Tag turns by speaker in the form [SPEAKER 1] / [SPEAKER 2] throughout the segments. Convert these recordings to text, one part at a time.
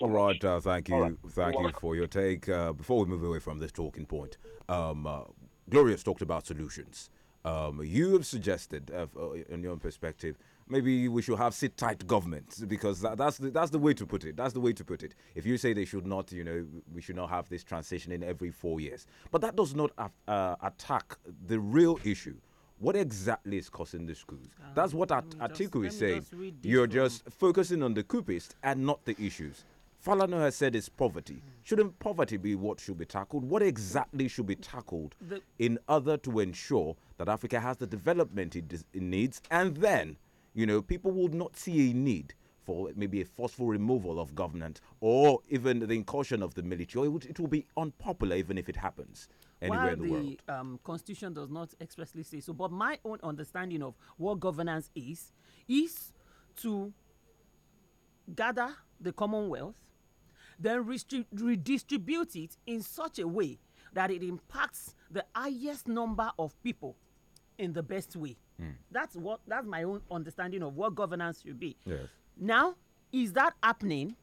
[SPEAKER 1] so All right, uh, thank you. Right. Thank You're you welcome. for your take. Uh, before we move away from this talking point, um, uh, talked about solutions. Um, you have suggested, uh, uh, in your own perspective, maybe we should have sit tight governments because that, that's the, that's the way to put it. That's the way to put it. If you say they should not, you know, we should not have this transition in every four years, but that does not uh, attack the real issue. What exactly is causing the schools? Um, that's what At- um, Atiku is saying. You're one. just focusing on the coupists and not the issues. Falano has said it's poverty. Shouldn't poverty be what should be tackled? What exactly should be tackled the, in order to ensure that Africa has the development it, it needs? And then, you know, people will not see a need for maybe a forceful removal of government or even the incursion of the military. It, would, it will be unpopular even if it happens anywhere While in the, the world.
[SPEAKER 2] The um, constitution does not expressly say so, but my own understanding of what governance is is to gather the commonwealth then redistribute it in such a way that it impacts the highest number of people in the best way. Mm. That's what that's my own understanding of what governance should be. Yes. Now, is that happening?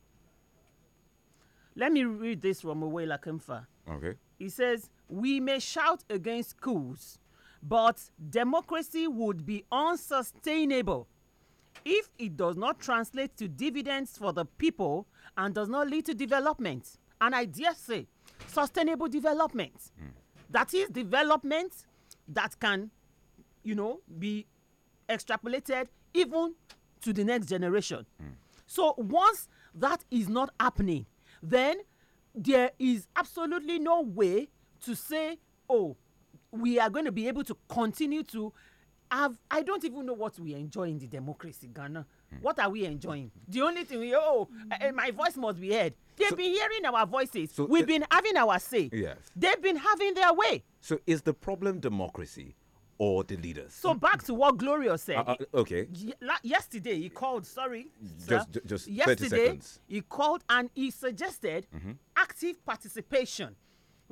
[SPEAKER 2] Let me read this from Owela Kemfa. Okay. He says, We may shout against schools, but democracy would be unsustainable if it does not translate to dividends for the people and does not lead to development, and I dare say sustainable development, mm. that is development that can, you know, be extrapolated even to the next generation. Mm. So once that is not happening, then there is absolutely no way to say, oh, we are going to be able to continue to I've, I don't even know what we enjoy in the democracy, Ghana. Mm. What are we enjoying? The only thing we, oh, uh, my voice must be
[SPEAKER 1] heard. They've so, been
[SPEAKER 2] hearing our voices. So We've been having
[SPEAKER 1] our say. Yes. They've
[SPEAKER 2] been having their way.
[SPEAKER 1] So is the problem democracy or the leaders? So
[SPEAKER 2] back to what Gloria said.
[SPEAKER 1] Uh, uh, okay.
[SPEAKER 2] yesterday he called, sorry. Just, sir, just yesterday 30 seconds. he called and he suggested mm -hmm. active participation.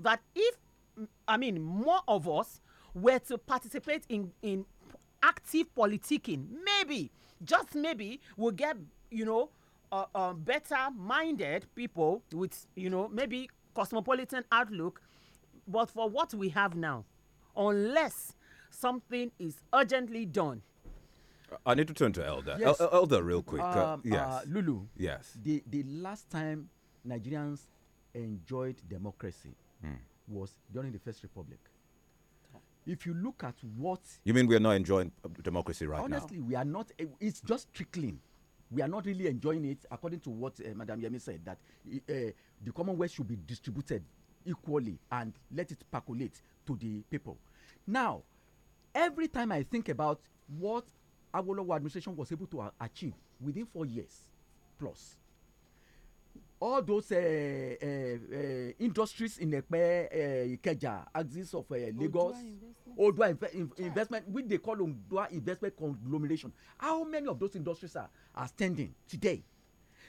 [SPEAKER 2] That if, I mean, more of us were to participate in, in active politicking maybe just maybe we'll get you know uh, uh, better minded people with you know maybe cosmopolitan outlook but for what we have now unless something is urgently done
[SPEAKER 1] I need to turn to Elder. Yes. El Elder, real quick. Uh, um, uh, yes. Uh, Lulu. Yes.
[SPEAKER 2] The the last time
[SPEAKER 3] Nigerians enjoyed democracy mm. was during the First Republic if you look at what
[SPEAKER 1] you mean we are not enjoying democracy right honestly, now honestly
[SPEAKER 3] we are not eh, it's just trickling we are not really enjoying it according to what uh, madam yemi said that uh, the commonwealth should be distributed equally and let it percolate to the people now every time i think about what our administration was able to achieve within four years plus all those uh, uh, uh, industries in Ekpe, uh, Ikeja, axis of uh, Lagos, Odua investment, Odua in investment which they call Odua investment conglomeration. How many of those industries are, are standing today?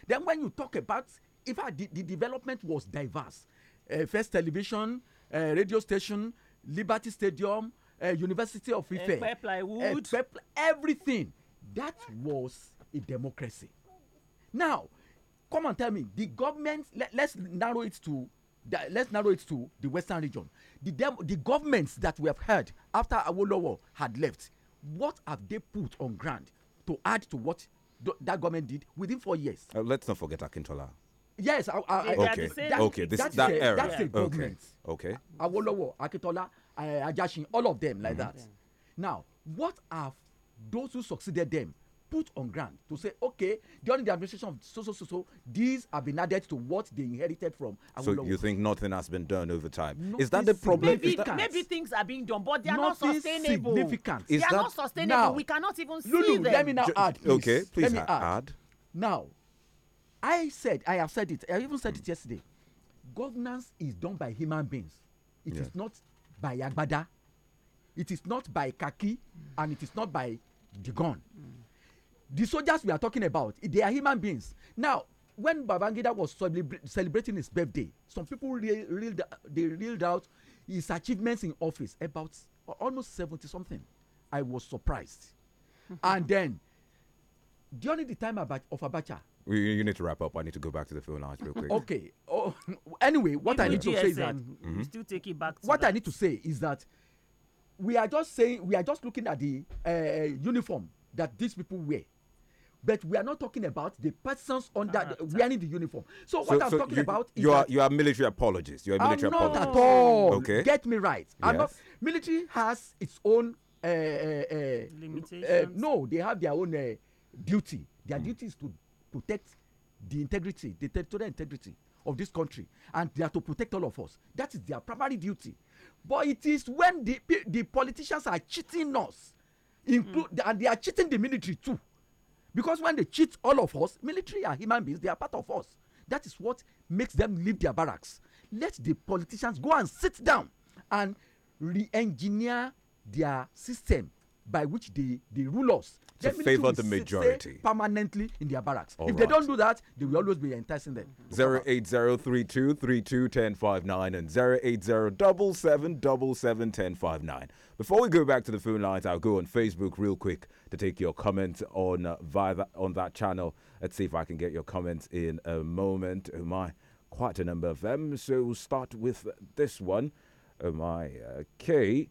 [SPEAKER 3] Then when you talk about, in fact, the, the development was diverse. Uh, first television, uh, radio station, Liberty Stadium, uh, University of Ife, plywood, everything. That was a democracy. Now, come and tell me the government let, us narrow it to the, let's narrow it to the western region the the governments that we have heard after awolowo had left what have they put on ground to add to what that government did within four years.
[SPEAKER 1] Uh, let's not forget Akintola.
[SPEAKER 3] Yes, okay, that, okay, this, that, that era, that's yeah. a government. Okay, okay. Awolowo, Akintola, uh, Ajashin, all of them like mm -hmm. that. Yeah. Now, what have those who succeeded them put on ground to say okay during the administration of so so so so these have been added to what they inherited from so you
[SPEAKER 1] think nothing has been done over time is that the problem maybe, that,
[SPEAKER 2] maybe things are being done but they are not sustainable significant is they that, are not sustainable now, we cannot even Lulu, see them let me now add
[SPEAKER 1] please. okay please add. add
[SPEAKER 3] now i said i have said it i even said mm. it yesterday governance is done by human beings It is not by agbada it is not by khaki mm. and it is not by the gun mm the soldiers we are talking about they are human beings now when babangida was celebrating his birthday some people re reeled, they reeled out his achievements in office about almost 70 something i was surprised and then during the time of abacha
[SPEAKER 1] we, you need to wrap up. I need to go back to the phone lines real quick.
[SPEAKER 3] Okay. Oh, anyway, what Even I need GSM, to say is that mm
[SPEAKER 1] -hmm. still
[SPEAKER 2] take it back.
[SPEAKER 3] what that. I need to say is that we are just saying we are just looking at the uh, uniform that these people wear but we are not talking about the persons under ah, the, wearing the uniform. So, so what I'm so talking you, about you are
[SPEAKER 1] you are military apologist. You are military I'm apologist. not at all. Okay. Get
[SPEAKER 3] me right. Yes. I'm not. Military has its own uh, uh, uh, no, they have their own eh, duty. Their mm. duty is to protect the integrity, the territorial integrity of this country, and they are to protect all of us. That is their primary duty. But it is when the the politicians are cheating us, include mm. and they are cheating the military too. Because when they cheat all of us, military are human beings, they are part of us. That is what makes them leave their barracks. Let the politicians go and sit down and re engineer their system by which they, they rule us to favor the majority permanently in their barracks. All if right. they don't do that, they will always be enticing them.
[SPEAKER 1] Zero eight zero three two three two ten five nine and zero eight zero double seven double seven ten five nine. Before we go back to the phone lines, I'll go on Facebook real quick to take your comments on uh, via that, on that channel. Let's see if I can get your comments in a moment. Oh my, quite a number of them. So we'll start with this one. Oh my, okay.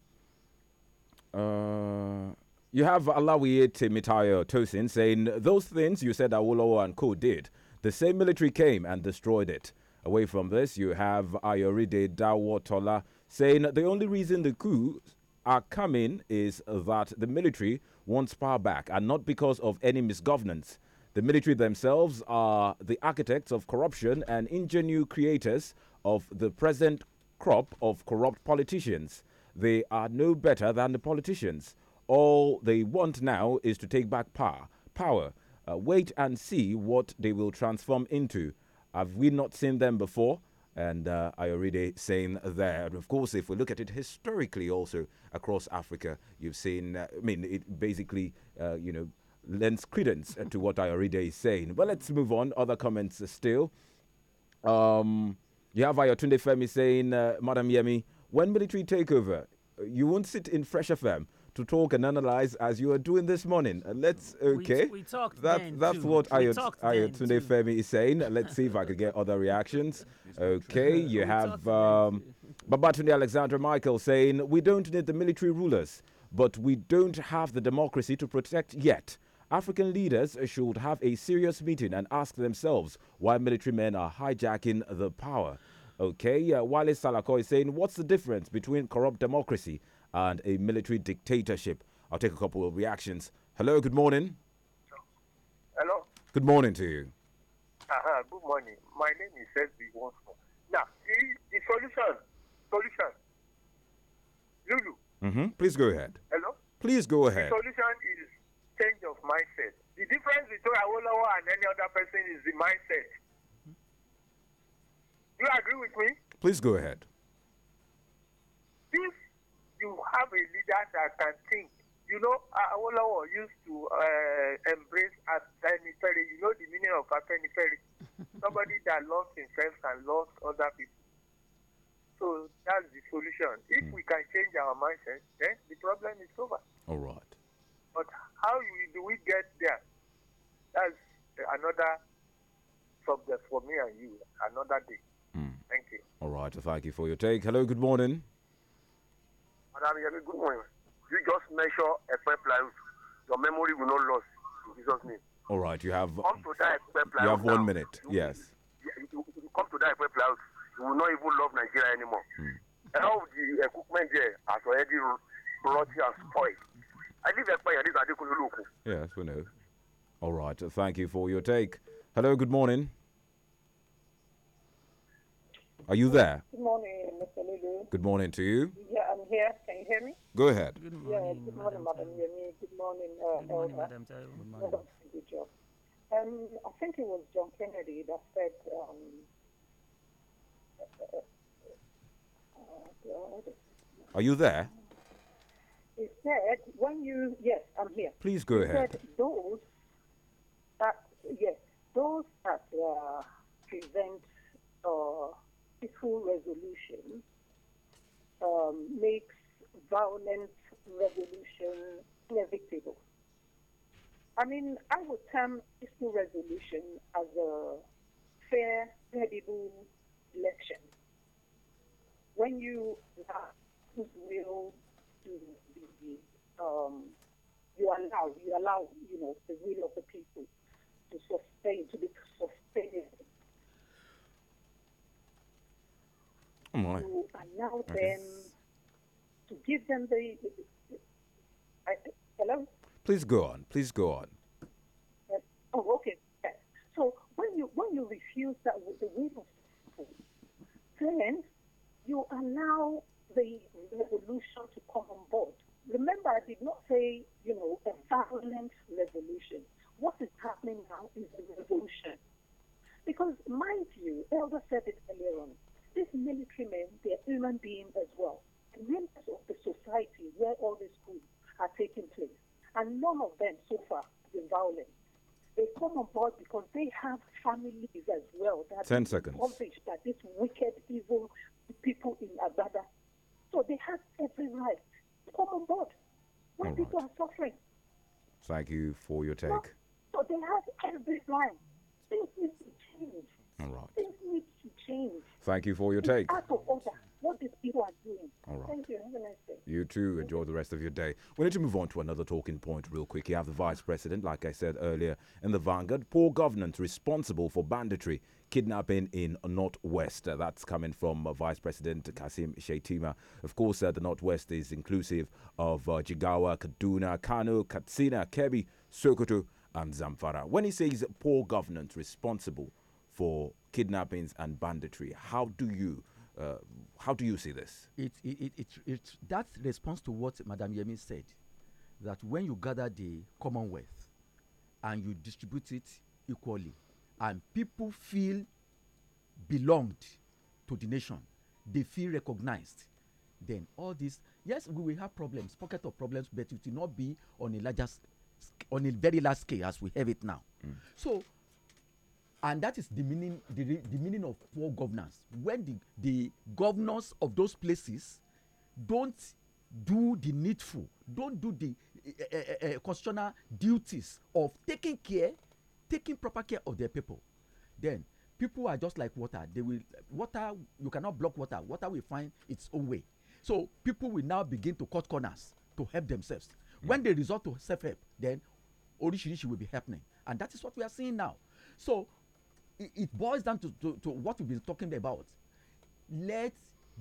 [SPEAKER 1] Uh, uh you have Alawiyete Timitayo Tosin saying, Those things you said Awolowo and Co. did, the same military came and destroyed it. Away from this, you have Ayoride Dawotola saying, The only reason the coup are coming is that the military wants power back and not because of any misgovernance. The military themselves are the architects of corruption and ingenue creators of the present crop of corrupt politicians. They are no better than the politicians. All they want now is to take back power. Power. Uh, wait and see what they will transform into. Have we not seen them before? And uh, I already saying there. And of course, if we look at it historically, also across Africa, you've seen. Uh, I mean, it basically, uh, you know, lends credence to what I already is saying. But let's move on. Other comments still. Um, you have Ayotunde Femi saying, uh, Madam Yemi, when military takeover, you won't sit in Fresh FM to talk and analyze as you are doing this morning. Uh, let's okay. We, we talked that, That's too. what Ayot, Ayotunde Femi is saying. Let's see if I could get other reactions. Okay, you have um, Babatunde Alexander Michael saying we don't need the military rulers, but we don't have the democracy to protect yet. African leaders should have a serious meeting and ask themselves why military men are hijacking the power. Okay, uh, Wale Salako is saying, What's the difference between corrupt democracy and a military dictatorship. I'll take a couple of reactions. Hello, good morning. Hello. Good morning to you.
[SPEAKER 4] Uh-huh, good morning. My name is SB once more. Now, the, the solution, solution. Lulu.
[SPEAKER 1] Mm-hmm. Please go ahead. Hello. Please go ahead. The solution
[SPEAKER 4] is change of mindset. The difference between Awolowo and any other person is the mindset. Do you agree with me?
[SPEAKER 1] Please go ahead.
[SPEAKER 4] If you have a leader that can think. You know, Awolowo used to uh, embrace Afenifere. You know the meaning of Afenifere. Somebody that loves himself and loves other people. So that's the solution. If hmm. we can change our mindset, then the problem is over. All right. But how do we get there? That's another subject for me and you, another day.
[SPEAKER 1] Mm. Thank you. All right. Thank you for your take. Hello. Good morning.
[SPEAKER 4] Madam Yemi, good morning. You just measure a fair Your memory will not lose in Jesus' name.
[SPEAKER 1] All right, you have. Come
[SPEAKER 4] to that You have one
[SPEAKER 1] now. minute. You, yes.
[SPEAKER 4] You, you, come to that plywood. You will not even love Nigeria anymore. Hmm. All the equipment there has already rotted and spoiled. I live at Paya. This is Adekunle
[SPEAKER 1] Yes, we know. All right. Thank you for your take. Hello. Good morning. Are you there?
[SPEAKER 5] Good morning, Mr. Lulu.
[SPEAKER 1] Good morning to you.
[SPEAKER 5] Yeah, I'm
[SPEAKER 6] here. Can you hear me? Go ahead. Good morning. Yeah, good morning, Madam Yemi. Good morning, uh, Good morning, Madam Tayo. Good morning. Good job. Um, I think it was John Kennedy that said, um, Are you there? He said, when you, yes, I'm here. Please go ahead. Said, those that, yes, those that uh, prevent or uh, peaceful resolution um, makes violent resolution inevitable. I mean, I would term peaceful resolution as a fair, credible election. When you allow whose will to be, um, you allow, you allow, you know, the will of the people to sustain, to be sustained Oh my. to allow okay. them, to give them the. I, hello?
[SPEAKER 1] Please go on. Please go on.
[SPEAKER 6] Uh, oh, okay. So when you when you refuse that the will of people, then you allow the revolution to come on board. Remember, I did not say you know a violent revolution. What is happening now is a revolution, because mind you, Elder said it earlier on these military men, they're human beings as well. Members of the society where all these coups are taking place. And none of them so far been violent. They come on board because they have families as well that Ten seconds. accomplished by these wicked, evil people in Abada. So they have every right to come on board when people are suffering.
[SPEAKER 1] Thank you for your take.
[SPEAKER 6] So, so they have every right. Things need to change. All right. Things
[SPEAKER 1] Thank you for your it's take. Out
[SPEAKER 6] of order. What these people are doing. All right. Thank you. Have a nice
[SPEAKER 1] day. You too. Enjoy the rest of your day. We need to move on to another talking point real quick. You have the vice president, like I said earlier, in the vanguard. Poor governance responsible for banditry kidnapping in Northwest. Uh, that's coming from uh, Vice President Kasim Sheitima. Of course, uh, the Northwest is inclusive of uh, Jigawa, Kaduna, Kano, Katsina, Kebi, Sokoto, and Zamfara. When he says poor governance responsible for kidnappings and banditry. How do you uh, how do you see this? It, it, it, it,
[SPEAKER 3] that response to what Madam Yemi said, that when you gather the Commonwealth and you distribute it equally, and people feel belonged to the nation, they feel recognized, then all this, yes, we will have problems, pocket of problems, but it will not be on a larger, on a very large scale as we have it now. Mm. So and that is the meaning the, the meaning of poor governance when the the governors of those places don't do the needful don't do the uh, uh, uh, constitutional duties of taking care taking proper care of their people then people are just like water they will water you cannot block water water will find its own way so people will now begin to cut corners to help themselves mm. when they resort to self-help then oríṣiríṣi will be happening and that is what we are seeing now so it, boils down to, to, to what we've been talking about. Let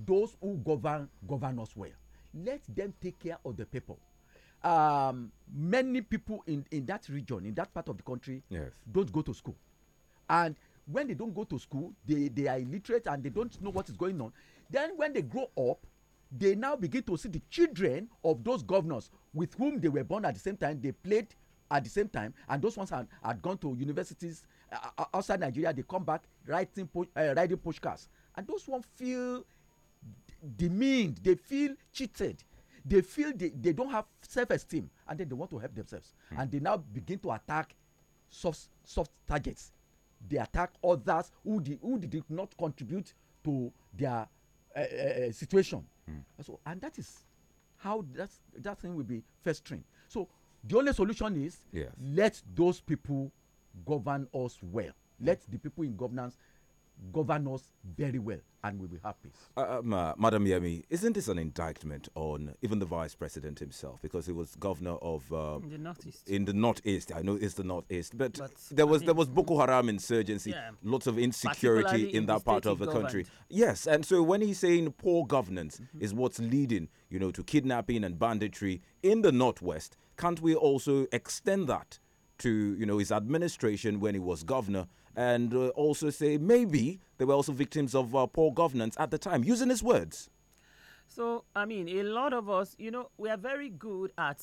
[SPEAKER 3] those who govern govern us well. Let them take care of the people. Um, many people in, in that region, in that part of the country, yes. don't go to school. And when they don't go to school, they, they are illiterate and they don't know what is going on. Then when they grow up, they now begin to see the children of those governors with whom they were born at the same time, they played at the same time, and those ones had, had gone to universities uh, outside Nigeria, they come back writing push, uh, riding and those ones feel demeaned. They feel cheated. They feel they, they don't have self-esteem, and then they want to help themselves, mm. and they now begin to attack soft soft targets. They attack others who did, who did not contribute to their uh, uh, situation. Mm. So, and that is how that that thing will be festering. So the only solution is yes. let those people govern us well. Let the people in governance govern us very well and we will have peace.
[SPEAKER 1] Uh, um, uh, Madam Yemi, isn't this an indictment on even the vice president himself? Because he was governor of uh, in the northeast. In the I know it's the northeast, but, but there was there was Boko Haram insurgency, yeah. lots of insecurity in, in that part of the governed. country. Yes, and so when he's saying poor governance mm -hmm. is what's leading, you know, to kidnapping and banditry in the northwest, can't we also extend that? to you know his administration when he was governor and uh, also say maybe they were also victims of uh, poor governance at the time using his words
[SPEAKER 2] so i mean a lot of us you know we are very good at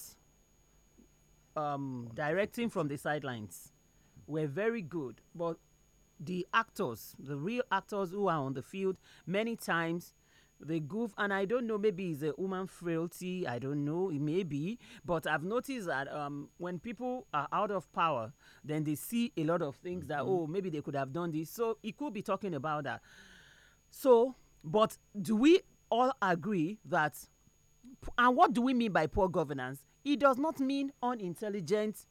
[SPEAKER 2] um, directing from the sidelines we're very good but the actors the real actors who are on the field many times the goof and i don't know maybe it's a woman frailty i don't know it may be but i've noticed that um, when people are out of power then they see a lot of things mm -hmm. that mm-hmm. oh maybe they could have done this so he could be talking about that so but do we all agree that and what do we mean by poor governance it does not mean unintelligent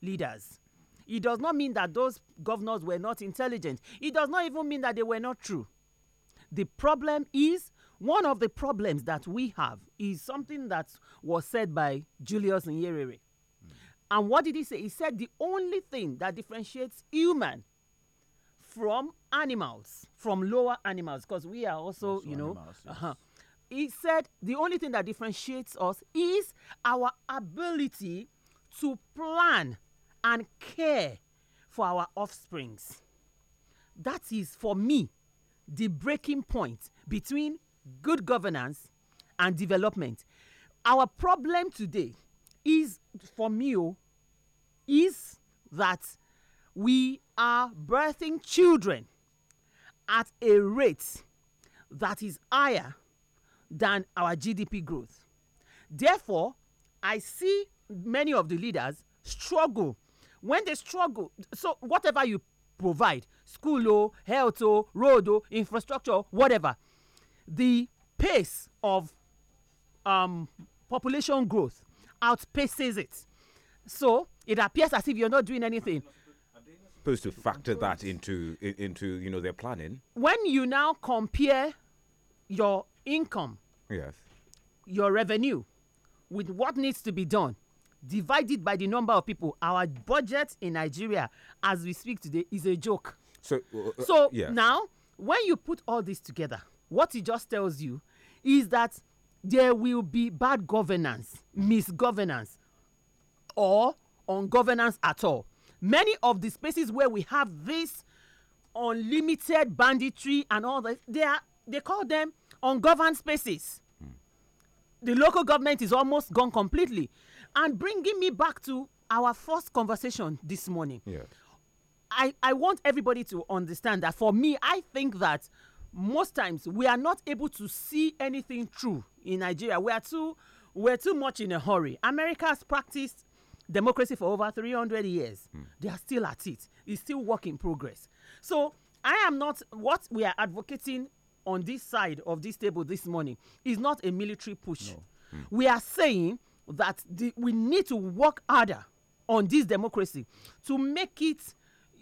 [SPEAKER 2] leaders it does not mean that those governors were not intelligent it does not even mean that they were not true the problem is one of the problems that we have is something that was said by Julius Nyerere. Mm. And what did he say? He said the only thing that differentiates human from animals, from lower animals, because we are also, also you know, animals, yes. uh-huh. he said the only thing that differentiates us is our ability to plan and care for our offsprings. That is, for me, the breaking point between good governance and development our problem today is for me oh, is that we are birthing children at a rate that is higher than our gdp growth therefore i see many of the leaders struggle when they struggle so whatever you provide school oh, health oh, road infrastructure whatever the pace of um, population growth outpaces it. So it appears as if you're not doing anything.
[SPEAKER 1] Supposed to factor that into into you know their planning.
[SPEAKER 2] When you now compare your income, yes, your revenue, with what needs to be done, divided by the number of people, our budget in Nigeria, as we speak today, is a joke.
[SPEAKER 1] So, uh, uh so yeah.
[SPEAKER 2] now when you put all this together, what it just tells you is that there will be bad governance misgovernance or ungovernance at all many of the spaces where we have this unlimited banditry and all that they are they call them ungoverned spaces mm. the local government is almost gone completely and bringing me back to our first conversation this morning yeah. i i want everybody to understand that for me i think that most times we are not able to see anything true in nigeria we are too we're too much in a hurry america has practiced democracy for over 300 years mm. they are still at it it's still work in progress so i am not what we are advocating on this side of this table this morning is not a military push no. mm. we are saying that the, we need to work harder on this democracy to make it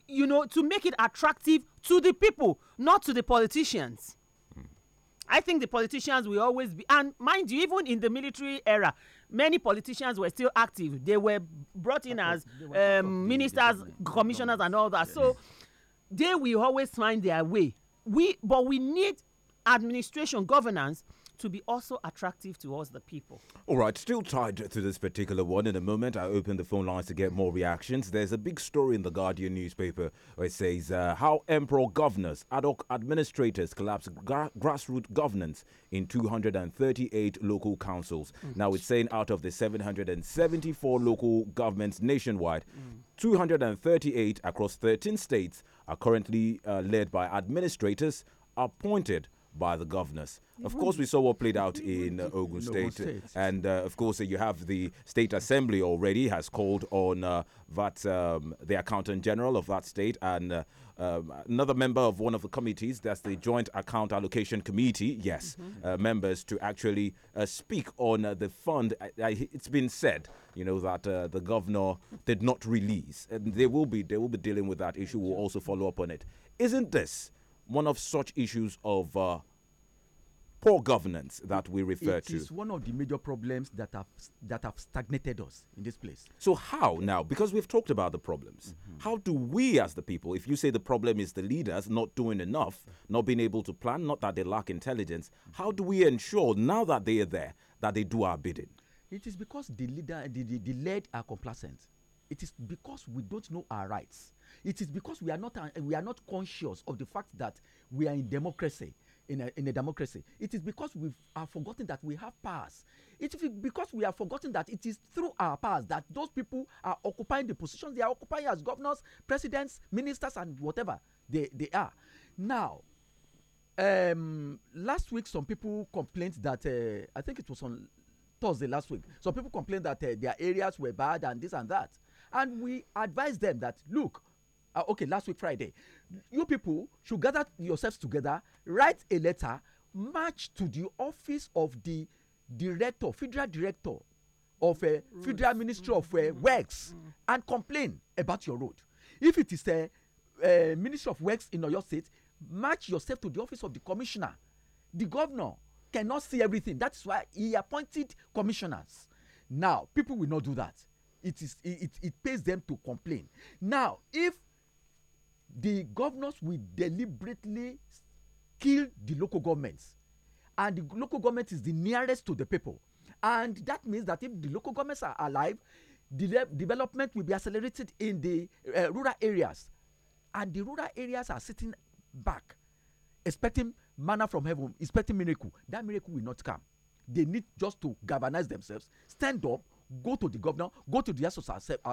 [SPEAKER 2] you know, to make it attractive to the people, not to the politicians. I think the politicians will always be, and mind you, even in the military era, many politicians were still active. They were brought in as um, ministers, commissioners, and all that. Yes. So they will always find their way. We, but we need administration governance to be also attractive to us, the people.
[SPEAKER 1] All right, still tied to this particular one. In a moment, I open the phone lines to get more reactions. There's a big story in the Guardian newspaper where it says uh, how emperor governors, ad hoc administrators collapse gra grassroots governance in 238 local councils. Mm. Now it's saying out of the 774 local governments nationwide, mm. 238 across 13 states are currently uh, led by administrators appointed by the governors. Of course, we saw what played out in uh, Ogun, State. State. And uh, of course, uh, you have the State Assembly already has called on uh, that, um, the Accountant General of that state and uh, um, another member of one of the committees, that's the Joint Account Allocation Committee, yes, mm -hmm. members to actually speak on the fund. I, I, it's been said, you know, that the governor did not release. And they will be, they will be dealing with that issue. We'll also follow up on it. Isn't this? one of such issues of uh, poor governance that we refer it to. It is
[SPEAKER 3] one of the major problems that have that have stagnated us in this place.
[SPEAKER 1] So how now? Because we've talked about the problems. Mm -hmm. How do we as the people, if you say the problem is the leaders not doing enough, not being able to plan, not that they lack intelligence, how do we ensure now that they are there that they do our bidding?
[SPEAKER 3] It is because the leader the, the, the led are complacent. It is because we don't know our rights it is because we are not uh, we are not conscious of the fact that we are in democracy in a, in a democracy it is because we are forgotten that we have powers it is because we are forgotten that it is through our powers that those people are occupying the positions they are occupying as governors presidents ministers and whatever they they are now um, last week some people complained that uh, i think it was on thursday last week some people complained that uh, their areas were bad and this and that and we advised them that look uh, okay, last week, Friday. You people should gather yourselves together, write a letter, march to the office of the director, federal director of a uh, eh, federal ministry of uh, works, mm-hmm. and complain about your road. If it is a uh, eh, ministry of works in your State, march yourself to the office of the commissioner. The governor cannot see everything. That's why he appointed commissioners. Now, people will not do that. It is it, it pays them to complain. Now, if the governors will deliberately kill the local governments and the local government is the nearest to the people and that means that if the local governments are alive de development will be accelerated in the uh, rural areas and the rural areas are sitting back expecting manna from heaven expecting miracle that miracle will not come they need just to galvanize themselves stand up go to the governor go to the house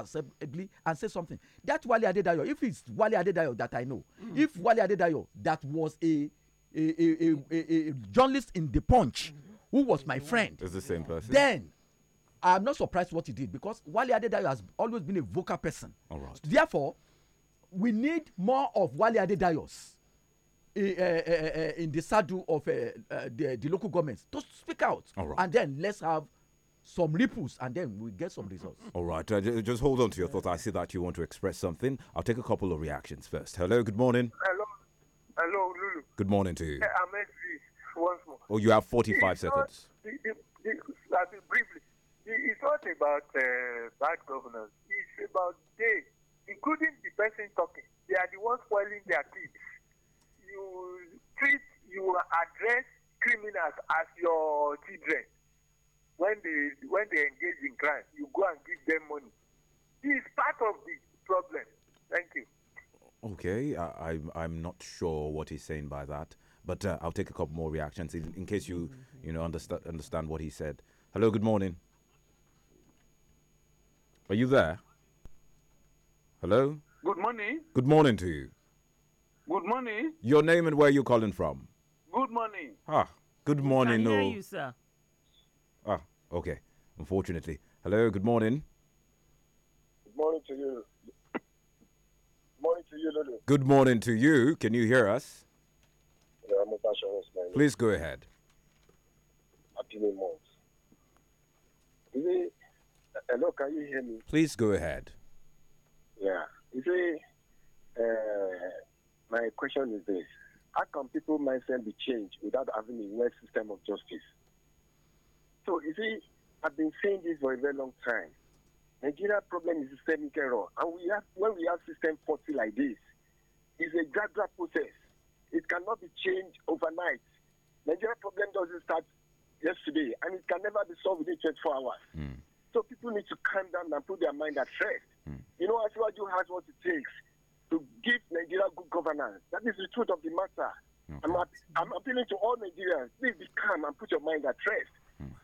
[SPEAKER 3] assembly and say something that wale adedayo if it's wale adedayo that i know mm. if wale adedayo that was a a a a, a journalist in the punch hmm. who was my friend
[SPEAKER 1] it's the same person
[SPEAKER 3] then i'm not surprised what he did because wali adedayo has always been a vocal person all right therefore we need more of Wali adedayos in, uh, uh, in the saddle of eh, eh, the, the, local governments to speak out All right. and then let's have some ripples and then we get some results.
[SPEAKER 1] All right, uh, just hold on to your thoughts. I see that you want to express something. I'll take a couple of reactions first. Hello, good morning. Hello, hello, Lulu. Good morning to you.
[SPEAKER 4] I'm once more. Oh, you have 45 it's seconds. Not, it, it, briefly, it, it's not about uh, bad governance. It's about they, including the person talking. They are the ones spoiling their kids. You treat, you address criminals as your children when they when they engage in crime, you go and give them money. This is part of the problem. Thank you.
[SPEAKER 1] Okay, I, I am not sure what he's saying by that, but uh, I'll take a couple more reactions in, in case you mm-hmm. you know understand understand what he said. Hello, good morning. Are you there? Hello. Good morning. Good morning to you.
[SPEAKER 7] Good morning.
[SPEAKER 1] Your name and where you calling from? Good morning. Ah, good morning. I hear no. you, sir. Okay, unfortunately. Hello, good morning.
[SPEAKER 7] Good morning to you. Good morning to you, Lulu.
[SPEAKER 1] Good morning to you. Can you hear us?
[SPEAKER 7] Yeah, I'm man. Please go ahead. Happy New Month. Is it, hello, can you hear me?
[SPEAKER 1] Please go ahead.
[SPEAKER 7] Yeah. You see, uh, my question is this. How can people mindset be changed without having a well system of justice? So you see, I've been saying this for a very long time. Nigeria problem is systemic error, and we have when we have system policy like this, it's a gradual process. It cannot be changed overnight. Nigeria problem doesn't start yesterday, and it can never be solved within 24 hours. Mm. So people need to calm down and put their mind at rest. Mm. You know, Asiwaju has what it takes to give Nigeria good governance. That is the truth of the matter. Okay. I'm, I'm appealing to all Nigerians. Please be calm and put your mind at rest.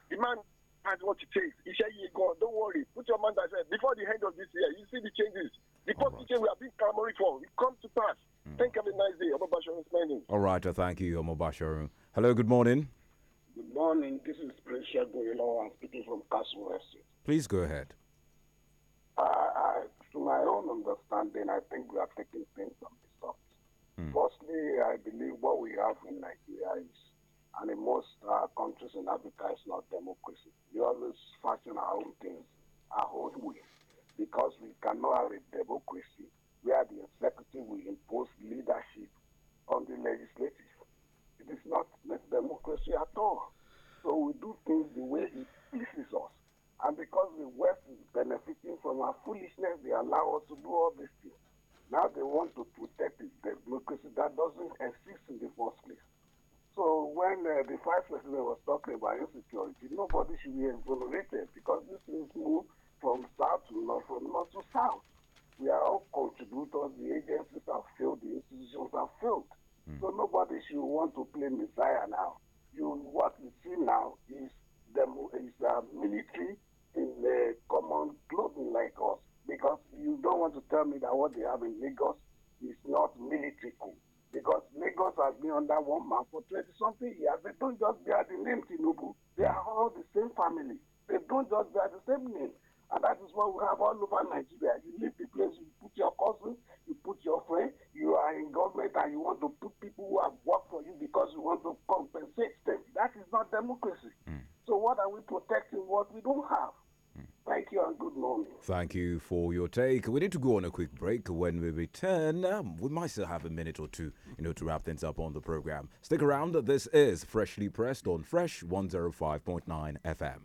[SPEAKER 7] The man has what it takes. He said, God, don't worry. Put your mind aside. Before the end of this year, you see the changes. The positive right. we have been clamoring for. It comes to pass. Mm. Thank you. Have a nice day. is
[SPEAKER 1] All right. Uh, thank you, Omobasharu. Hello, good morning.
[SPEAKER 5] Good morning. This is Prince Goyolo. I'm speaking from Castle West.
[SPEAKER 1] Please go ahead.
[SPEAKER 5] Uh, I, to my own understanding, I think we are taking things on the soft. Mm. Firstly, I believe what we have in Nigeria is and in most uh, countries in Africa, it's not democracy. We always fashion our own things, our own way, because we cannot have a democracy where the executive will impose leadership on the legislative. It is not democracy at all. So we do things the way it pleases us. And because the West is benefiting from our foolishness, they allow us to do all these things. Now they want to protect the democracy that doesn't exist in the first place. So when uh, the vice president was talking about insecurity, nobody should be exonerated because this is move from south to north, from north to south. We are all contributors. The agencies have failed. The institutions have failed. Mm. So nobody should want to play messiah now. You, what we see now is the is a uh, military in the common clothing like us because you don't want to tell me that what they have in Lagos is not military. Cool because Lagos has been under one man for 20 something years. They don't just bear the name Tinubu, they are all the same family. They don't just bear the same name. And that is what we have all over Nigeria. You leave the place, you put your cousin, you put your friend, you are in government and you want to put people who have worked for you because you want to compensate them. That is not democracy. Mm. So, what are we protecting? What we don't have. Thank you and good morning.
[SPEAKER 1] Thank you for your take. We need to go on a quick break. When we return, um, we might still have a minute or two, you know, to wrap things up on the program. Stick around. This is Freshly Pressed on Fresh 105.9 FM.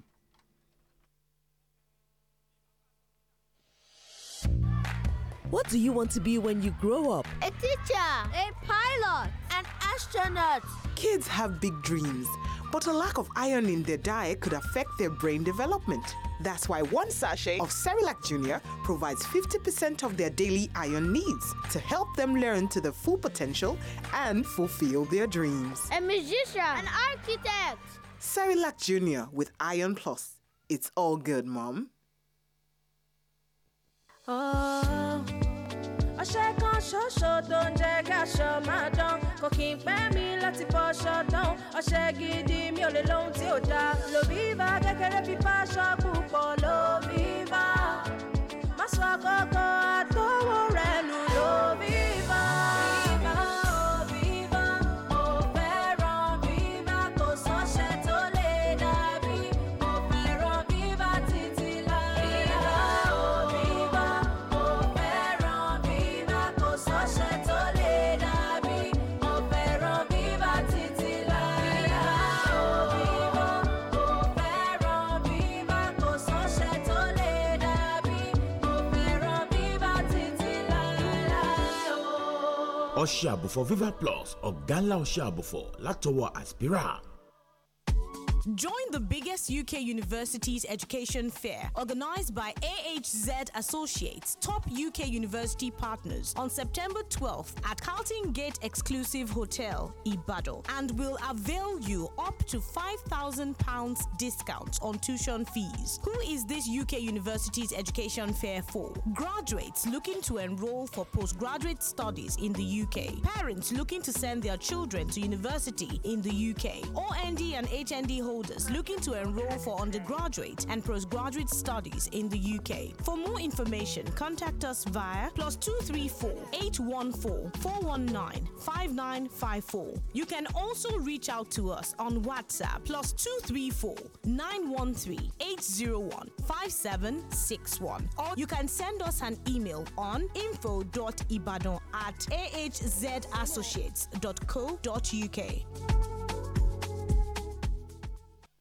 [SPEAKER 8] What do you want to be when you grow up?
[SPEAKER 9] A teacher, a pilot, an astronaut.
[SPEAKER 10] Kids have big dreams, but a lack of iron in their diet could affect their brain development. That's why one sachet of Cerilac Junior provides 50% of their daily iron needs to help them learn to their full potential and fulfill their dreams.
[SPEAKER 9] A musician, an architect.
[SPEAKER 10] Cerilac Junior with Iron Plus. It's all good, Mom.
[SPEAKER 9] Oh
[SPEAKER 11] ọṣẹ kan ṣoṣo tó ń jẹ́ káṣọ máa dán kò kí n pẹ́ mi láti
[SPEAKER 12] gidi mi ò lè lóhun tí ò dáa kékeré púpọ̀ àkọ́kọ́
[SPEAKER 9] àtọwọ́
[SPEAKER 13] ọṣẹ àbùfọ̀ Viva Plus ọ̀gá ńlá ọṣẹ àbùfọ̀ látọwọ́ Aspira
[SPEAKER 14] Join the biggest UK universities education fair organized by AHZ Associates, top UK university partners, on September 12th at Carlton Gate Exclusive Hotel, Ibado, and will avail you up to £5,000 discount on tuition fees. Who is this UK universities education fair for? Graduates looking to enroll for postgraduate studies in the UK, parents looking to send their children to university in the UK, OND and HND holders looking to enroll for undergraduate and postgraduate studies in the UK. For more information, contact us via plus 234 814 419 5954. You can also reach out to us on WhatsApp plus 234 913 801 5761. Or you can send us an email on info.ibadan at ahzassociates.co.uk.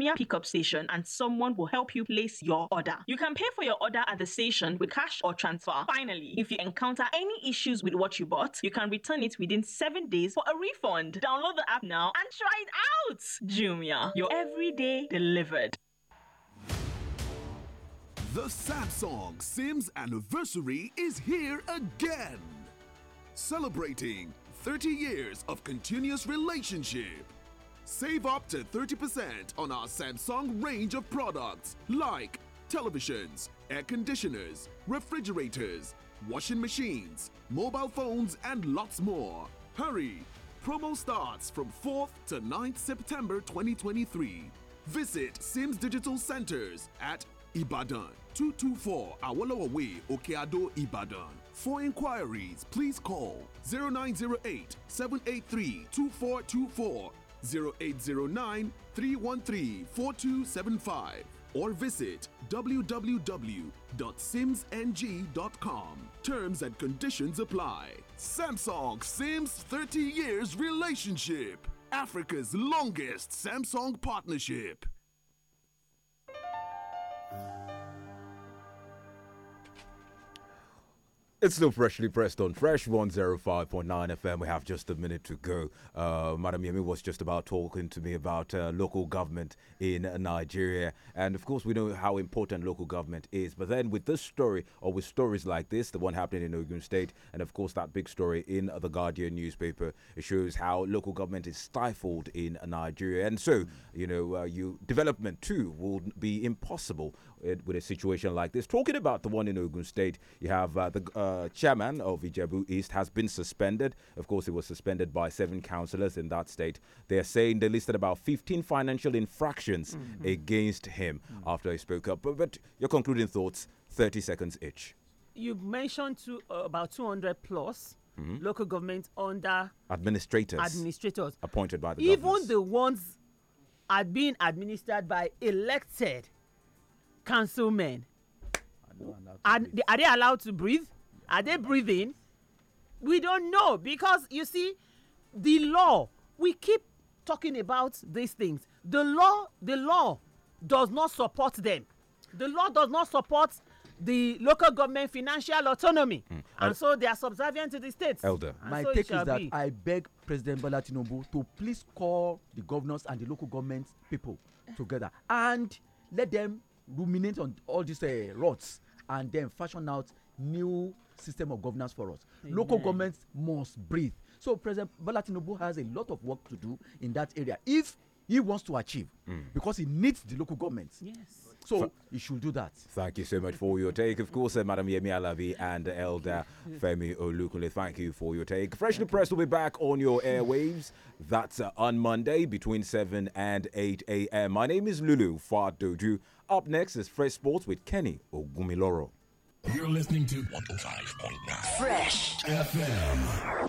[SPEAKER 15] Jumia pickup station and someone will help you place your order. You can pay for your order at the station with cash or transfer. Finally, if you encounter any issues with what you bought, you can return it within 7 days for a refund. Download the app now
[SPEAKER 16] and try it out. Jumia, your everyday
[SPEAKER 15] delivered.
[SPEAKER 16] The Samsung Sims anniversary is here again. Celebrating 30 years of continuous relationship Save up to 30% on our Samsung range of products like televisions, air conditioners, refrigerators, washing machines, mobile phones, and lots more. Hurry! Promo starts from 4th to 9th September 2023. Visit Sims Digital Centers at Ibadan, 224 Awolowo Way, Okeado, Ibadan. For inquiries, please call 0908 783 2424 0809 313 4275 or visit www.simsng.com. Terms and conditions apply. Samsung Sims 30 years relationship. Africa's longest Samsung partnership.
[SPEAKER 1] It's still freshly pressed on Fresh 105.9 FM. We have just a minute to go. Uh, Madam Yemi was just about talking to me about uh, local government in Nigeria. And of course, we know how important local government is. But then with this story, or with stories like this, the one happening in Ogun State, and of course, that big story in the Guardian newspaper, it shows how local government is stifled in Nigeria. And so, you know, uh, you development too will be impossible it, with a situation like this. Talking about the one in Ogun State, you have uh, the uh, chairman of Ijebu East has been suspended. Of course, he was suspended by seven councillors in that state. They are saying they listed about 15 financial infractions mm -hmm. against him mm -hmm. after he spoke up. But, but, your concluding thoughts, 30 seconds each.
[SPEAKER 2] You've mentioned uh, about 200 plus. Mm -hmm. Local government under
[SPEAKER 1] administrators, administrators appointed by the even governors.
[SPEAKER 2] the ones are being administered by elected council men? Are, are they allowed to breathe? Are they breathing? We don't know because you see, the law, we keep talking about these things. The law, the law does not support them. The law does not support the local government financial autonomy. Mm. And so they are subservient to the states. Elder. And My so take is that be. I
[SPEAKER 3] beg President Bola Tinubu to please call the governors and the local government people together and let them ruminate on all these uh, eh, rods and then fashion out new system of governance for us. Amen. Local governments must breathe. So President Bola Tinubu has a lot of work to do in that area. If he wants to achieve mm. because he needs the local government. Yes.
[SPEAKER 1] So he should do that. Thank you so much for your take. Of course, uh, Madam Yemi Alavi and Elder Femi Olukule, thank you for your take. Freshly Pressed will be back on your airwaves. That's uh, on Monday between 7 and 8 a.m. My name is Lulu Fadoju. Up next is Fresh Sports with Kenny Ogumiloro.
[SPEAKER 16] You're listening to 105.9 Fresh FM.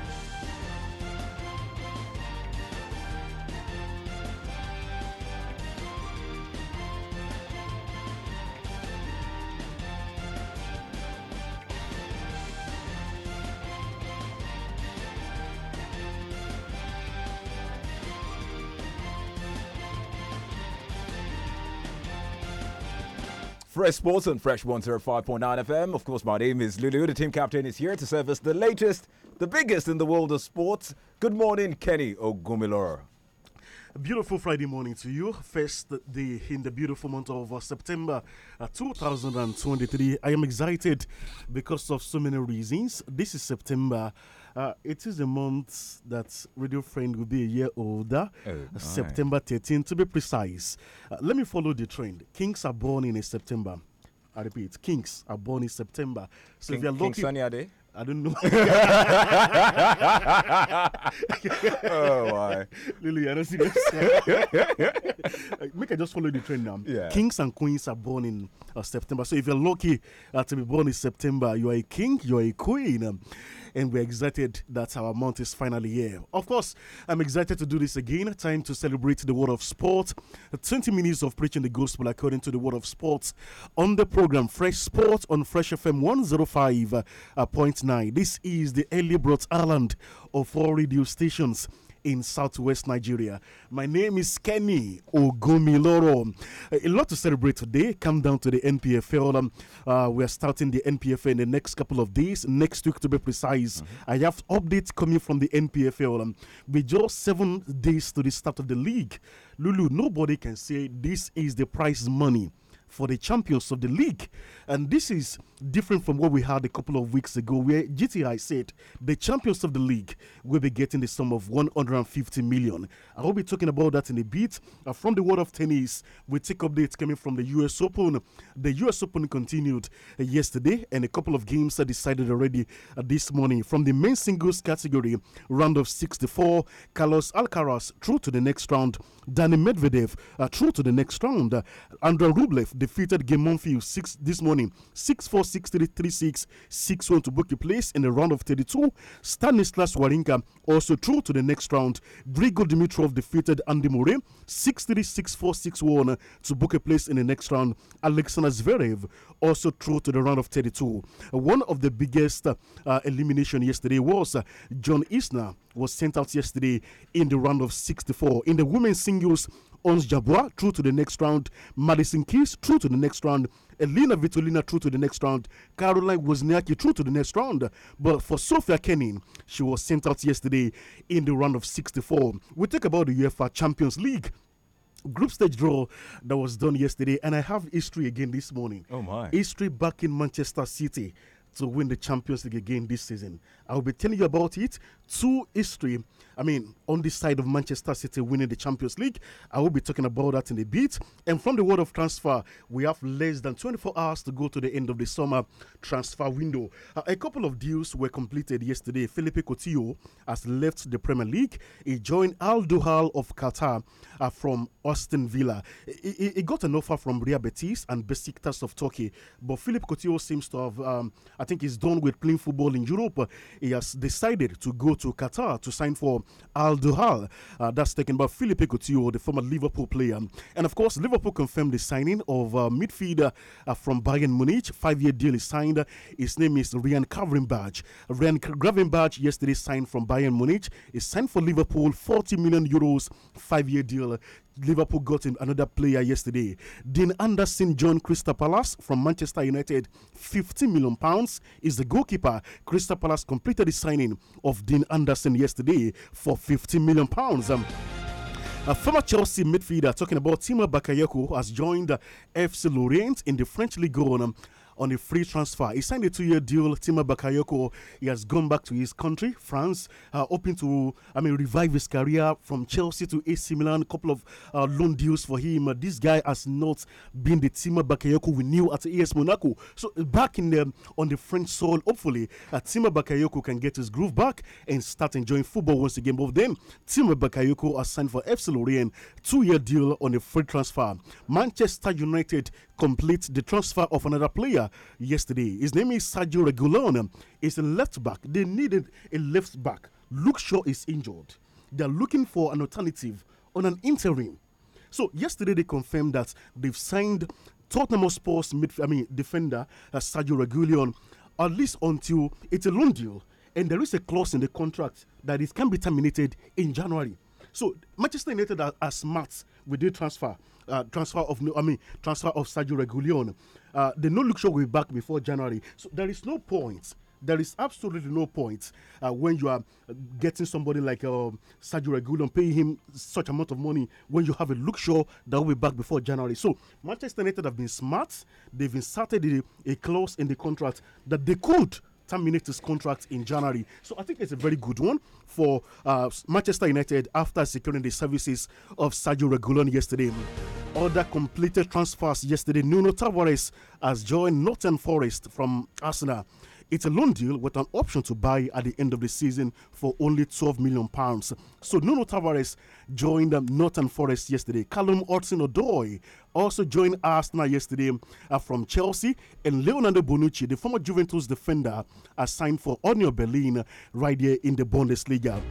[SPEAKER 1] Fresh Sports on Fresh 105.9 FM. Of course, my name is Lulu. The team captain is here to service the latest, the biggest in the world of sports. Good morning, Kenny Ogumiloro. A beautiful
[SPEAKER 17] Friday morning to you. First day in the beautiful month of uh, September uh, 2023. I am excited because of so many reasons. This is September uh, it is a month that Radio Friend will be a year older, oh, uh, September right. 13 to be precise. Uh, let me follow the trend. Kings are born in September. I repeat, kings are born in September. So King, if you're lucky. King are they? I don't know. oh, why? Lily, I don't see this. Make I just follow the trend now. Yeah. Kings and queens are born in uh, September. So if you're lucky uh, to be born in September, you are a king, you are a queen. Um, and we're excited that our month is finally here. Of course, I'm excited to do this again. Time to celebrate the world of sport. 20 minutes of preaching the gospel according to the world of sports on the program Fresh Sport on Fresh FM 105.9. This is the early brought island of four radio stations in southwest Nigeria. My name is Kenny Ogumiloro. A lot to celebrate today. Come down to the NPFL. Um, uh, we are starting the NPFL in the next couple of days, next week to be precise. Mm -hmm. I have updates coming from the NPFL. Um, with just seven days to the start of the league, Lulu, nobody can say this is the prize money for the champions of the league. And this is different from what we had a couple of weeks ago, where GTI said the champions of the league will be getting the sum of 150 million. I will be talking about that in a bit. Uh, from the world of tennis, we take updates coming from the US Open. The US Open continued uh, yesterday, and a couple of games are decided already uh, this morning. From the main singles category, round of 64, Carlos Alcaraz through to the next round, Danny Medvedev uh, through to the next round, Andrei Rublev defeated Gimmonfield six this morning, 6 4 6 3 3 6 6 1 to book a place in the round of 32. Stanislas Warinka also through to the next round. Grigor Dimitrov defeated Andy Murray 6 3 6 4 6 1 to book a place in the next round. Alexander Zverev also through to the round of 32. One of the biggest uh, elimination yesterday was uh, John Isner was sent out yesterday in the round of 64. In the women's singles, Ons Jabua through to the next round, Madison Keys through to the next round, Elena Vitolina through to the next round, Caroline Wozniacki through to the next round. But for Sophia Kenin, she was sent out yesterday in the round of 64. We talk about the UEFA Champions League group stage draw that was done yesterday, and I have history again this morning. Oh my! History back in Manchester City to win the Champions League again this season. I'll be telling you about it. Two history. I mean, on this side of Manchester City winning the Champions League, I will be talking about that in a bit. And from the world of transfer, we have less than 24 hours to go to the end of the summer transfer window. Uh, a couple of deals were completed yesterday. Felipe Coutinho has left the Premier League. He joined Al Duhal of Qatar uh, from Austin Villa. He, he, got an offer from Real Betis and Besiktas of Turkey, but Felipe Coutinho seems to have, um, I think, he's done with playing football in Europe. He has decided to go to Qatar to sign for Al Duhal. Uh, that's taken by Philippe Coutinho, the former Liverpool player. And of course, Liverpool confirmed the signing of uh, midfielder uh, from Bayern Munich. Five year deal is signed. His name is Rian Gravenberch. Rian Gravenberch yesterday signed from Bayern Munich. He signed for Liverpool, 40 million euros, five year deal. Liverpool got him another player yesterday. Dean Anderson John Christopoulos from Manchester United, Fifty million pounds is the goalkeeper. Christopoulos completed the signing of Dean Anderson yesterday for fifty million pounds. Um, a former Chelsea midfielder talking about Timo Bakayoko has joined uh, FC Lorient in the French League on um, on a free transfer. He signed a two year deal. Tima Bakayoko, he has gone back to his country, France, uh, hoping to, I mean, revive his career from Chelsea to AC Milan. A couple of uh, loan deals for him. Uh, this guy has not been the Tima Bakayoko we knew at AS Monaco. So uh, back in the, on the French soil, hopefully, uh, Tima Bakayoko can get his groove back and start enjoying football once again. Both them, Tima Bakayoko has signed for FC Lorient, two year deal on a free transfer. Manchester United complete the transfer of another player yesterday. His name is Sergio Regulon. He's a left back. They needed a left back. Luke Shaw is injured. They're looking for an alternative on an interim. So yesterday they confirmed that they've signed Tottenham Sports midfield, I mean defender uh, Sergio Regulion, at least until it's a loan deal, and there is a clause in the contract that it can be terminated in January. So Manchester United are, are smart with the transfer uh, transfer of I mean transfer of Sergio Regulion. Uh, the no look show will be back before January, so there is no point. There is absolutely no point uh, when you are getting somebody like um, Sergio Regulion, paying him such amount of money when you have a look show that will be back before January. So Manchester United have been smart. They've inserted a, a clause in the contract that they could terminate his contract in January. So I think it's a very good one for uh, Manchester United after securing the services of Sergio Regulon yesterday. Other completed transfers yesterday. Nuno Tavares has joined Northern Forest from Arsenal. It's a loan deal with an option to buy at the end of the season for only 12 million pounds. So Nuno Tavares joined Norton Forest yesterday. Callum Hudson-Odoi also joined Arsenal yesterday uh, from Chelsea. And Leonardo Bonucci, the former Juventus defender, uh, signed for Onio Berlin uh, right here in the Bundesliga.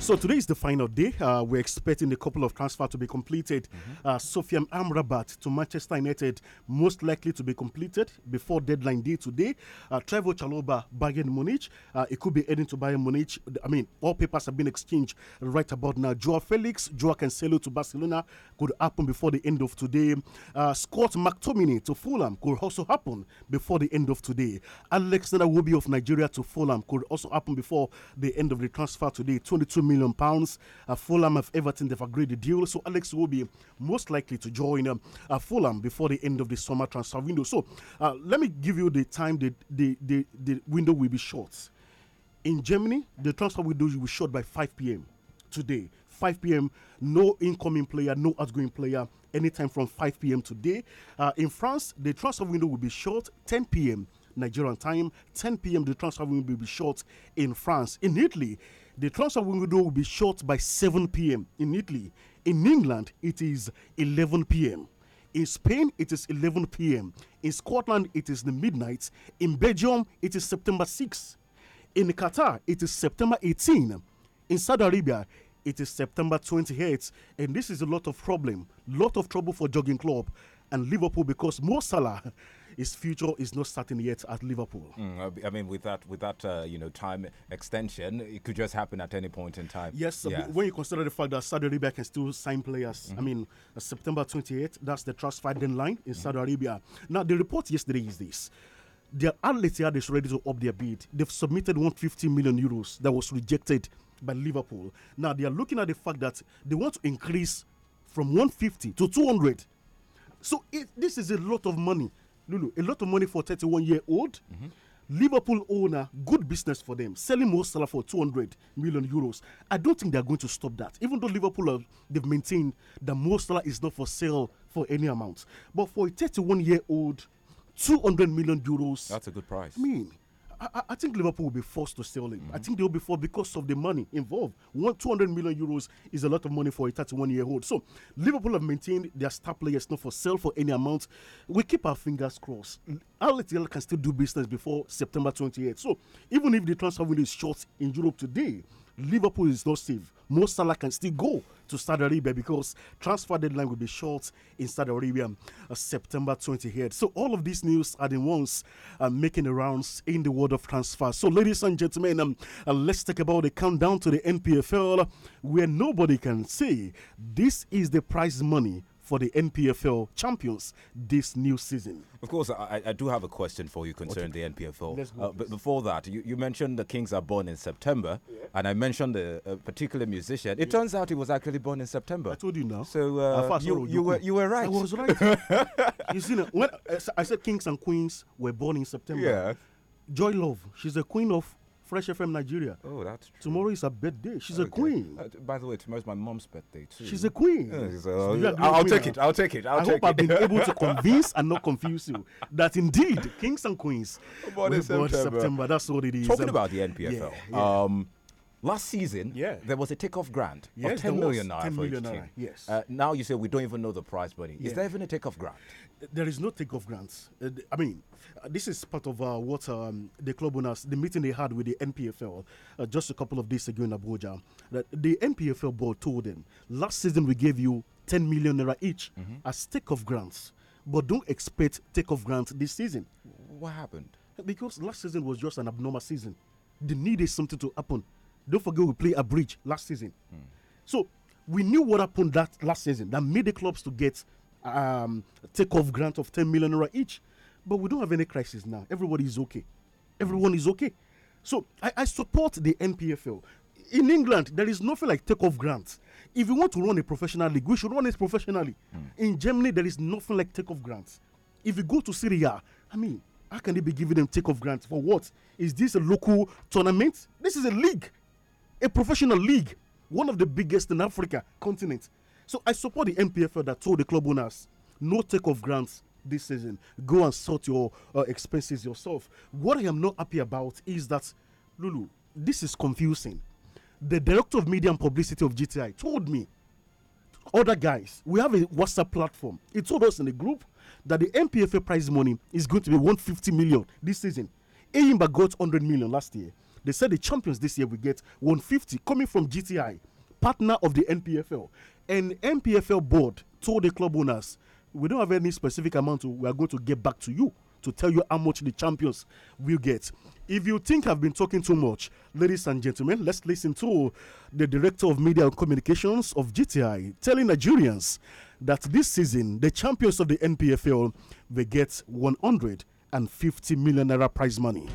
[SPEAKER 17] So today is the final day. Uh, we're expecting a couple of transfers to be completed. Mm -hmm. uh, Amrabat to Manchester United most likely to be completed before deadline day today. Uh, Trevor Chaloba, Bayern Munich. Uh, it could be heading to Bayern Munich. I mean, all papers have been exchanged right about now. Joao Felix, Joao Cancelo to Barcelona could happen before the end of today. Uh, Scott McTominay to Fulham could also happen before the end of today. Alexander Wobi of Nigeria to Fulham could also happen before the end of the transfer today. 22 million pounds. Uh, Fulham have Everton they've agreed the deal, so Alex will be most likely to join um, uh, Fulham before the end of the summer transfer window. So uh, let me give you the time the the the, the window will be short. In Germany, the transfer window will be short by 5 p.m. today. 5 p.m. No incoming player, no outgoing player. Anytime from 5 p.m. today. Uh, in France, the transfer window will be short 10 p.m. Nigerian time. 10 p.m. The transfer window will be short in France. In Italy, the transfer window will be shut by 7 p.m. in Italy. In England, it is 11 p.m. In Spain, it is 11 p.m. In Scotland, it is the midnight. In Belgium, it is September 6. In Qatar, it is September 18. In Saudi Arabia, it is September 28, and this is a lot of problem, lot of trouble for jogging club and Liverpool because Mo Salah his
[SPEAKER 1] future is not certain yet at Liverpool. Mm, I mean, with that, with that, uh, you know, time extension, it could just happen at any point in time. Yes,
[SPEAKER 17] when you consider the fact that Saudi Arabia can still sign players. Mm -hmm. I mm-hmm. mean, uh, September 28th, that's the transfer deadline in mm -hmm. Saudi Arabia. Now, the report yesterday is this. Their Al is ready to up their bid. They've submitted 150 million euros that was rejected by Liverpool. Now they are looking at the fact that they want to increase from 150 to 200. So it, this is a lot of money Lulu, a lot of money for 31 year old. Mm -hmm. Liverpool owner, good business for them, selling Mo Salah for 200 million euros. I don't think they're going to stop that, even though Liverpool have, they've maintained that Mo Salah is not for sale for any amount. But for a 31 year old, 200 million euros. That's a good price. I mean, I, I, think Liverpool will be forced to sell him. Mm -hmm. I mm-hmm. think they will be forced because of the money involved. One 200 million euros is a lot of money for a 31 year old. So Liverpool have maintained their star players not for sale for any amount. We keep our fingers crossed. Al can still do business before September 28th. So even if the transfer window is short in Europe today, Liverpool is not safe. Mo Salah can still go to Saudi Arabia because transfer deadline will be short in Saudi Arabia uh, September 28th. So all of these news are the ones uh, making the rounds in the world of transfer. So ladies and gentlemen, um, uh, let's talk about the countdown to the NPFL uh, where nobody can say this is the prize money for the NPFL champions this new season.
[SPEAKER 1] Of course, I, I do have a question for you concerning okay. the NPFL. Uh, but before that, you, you, mentioned the Kings are born in September, yeah. and I mentioned a, a particular musician. It yeah. turns out he was actually born in September. I told you now. So uh, you, you, were, you were right. I was right. you see, when I said Kings and
[SPEAKER 17] Queens were born in September, yeah. Joy Love, she's the queen of Fresh FM Nigeria. Oh, that's true. Tomorrow is her birthday. She's okay. a queen.
[SPEAKER 1] Uh, by the way, tomorrow is my mom's birthday too. She's a queen. so uh, I'll, I'll, take it. I'll take it. I'll i take hope it. I've been able to
[SPEAKER 17] convince and not confuse you that
[SPEAKER 1] indeed kings and queens. About September. September. That's what it is. Talking um, about the NPFL. Yeah, yeah. Um, Last season, yeah. there was a takeoff grant yes, of 10 million naira for each team. Yes. Uh, now you say we don't even know the price, money. Yeah. Is there even a takeoff grant? there is no takeoff grants. Uh, I
[SPEAKER 17] mean, uh, this is part of uh, what um, the club owners, the meeting they had with the NPFL uh, just a couple of days ago in Abuja. That the NPFL board told them last season we gave you 10 million naira each mm -hmm. as takeoff grants, but don't expect takeoff grants this season. What happened? Because last season was just an abnormal season. They needed something to happen. Don't forget we played a bridge last season. Mm. So we knew what happened that last season that made the clubs to get um, off grant of 10 million naira each. But we don't have any crisis now. Everybody is okay. Everyone is okay. So I, I support the NPFL. In England, there is nothing like take-off grants. If you want to run a professional league, we should run it professionally. Mm. In Germany, there is nothing like take-off grants. If you go to Syria, I mean, how can they be giving them take-off grants for what? Is this a local tournament? This is a league, a professional league, one of the biggest in Africa continent. So I support the MPFL that told the club owners no take off grants this season. Go and sort your uh, expenses yourself. What I am not happy about is that, Lulu, this is confusing. The director of media and publicity of GTI told me, other guys, we have a WhatsApp platform. He told us in the group that the MPFA prize money is going to be 150 million this season. Aimba got 100 million last year. They said the champions this year will get 150 coming from GTI, partner of the NPFL. And MPFL board told the club owners, we don't have any specific amount. To, we are going to get back to you to tell you how much the champions will get. If you think I've been talking too much, ladies and gentlemen, let's listen to the director of media and communications of GTI telling Nigerians that this season the champions of the NPFL will get 150 million naira prize money.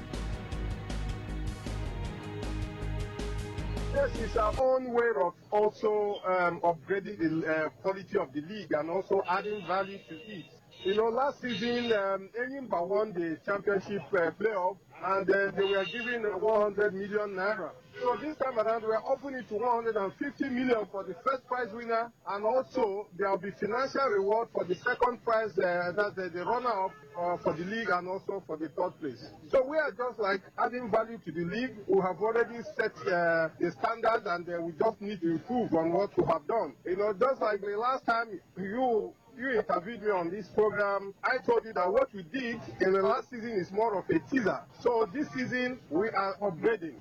[SPEAKER 18] Yes, it's our own way of also um, upgrading the uh, quality of the league and also adding value to it. You know, last season, um, Enyimba won the championship uh, playoff and uh, they were given 100 million naira. So this time around, we are opening it to 150 million for the first prize winner and also there will be financial reward for the second prize, uh, that's uh, the runner-up uh, for the league and also for the third place. So we are just like adding value to the league. We have already set uh, the standard and uh, we just need to improve on what we have done. You know, just like the last time you you interviewed me on this program, I told you that what we did in the last season is more of a teaser. So this season, we are upgrading.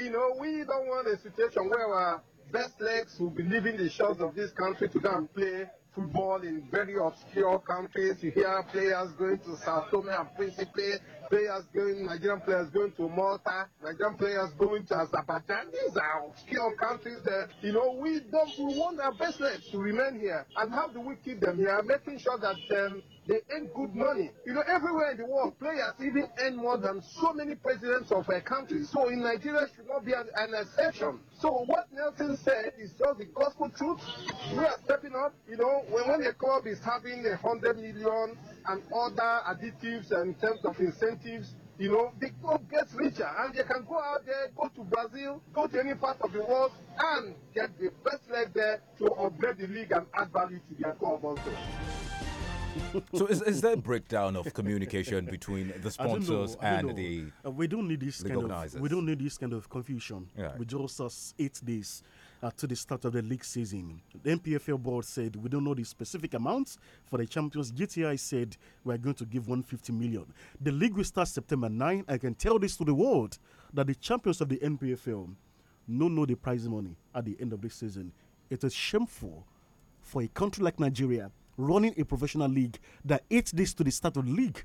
[SPEAKER 18] You know, we don't want a situation where our best legs will be leaving the shores of this country to go and play football in very obscure countries. You hear players going to Sao Tome and Principe, players going, Nigerian players going to Malta, Nigerian players going to Azerbaijan. These are obscure countries that, you know, we don't, we want our best to remain here and how do we keep them here? Making sure that um, They earn good money. You know, everywhere in the world, players even earn more than so many presidents of a country. So in Nigeria should not be an, exception. So what Nelson said is just the gospel truth. We are stepping up. You know, when, when a club is having a hundred million and other additives in terms of incentives, you know, the club gets richer and they can go out there, go to Brazil, go to any part of the world and get the best leg there to upgrade the league and add value to their club also.
[SPEAKER 1] so is, is there a breakdown of communication between the sponsors and the uh, we don't need this kind organizers.
[SPEAKER 17] of we don't need this kind of confusion. Yeah. We just us eight days uh, to the start of the league season. The MPFL board said we don't know the specific amounts for the champions. GTI said we are going to give 150 million. The league will start September 9. I can tell this to the world that the champions of the MPFL no know the prize money at the end of the season. It is shameful for a country like Nigeria running a professional league that eight days to the start of the league,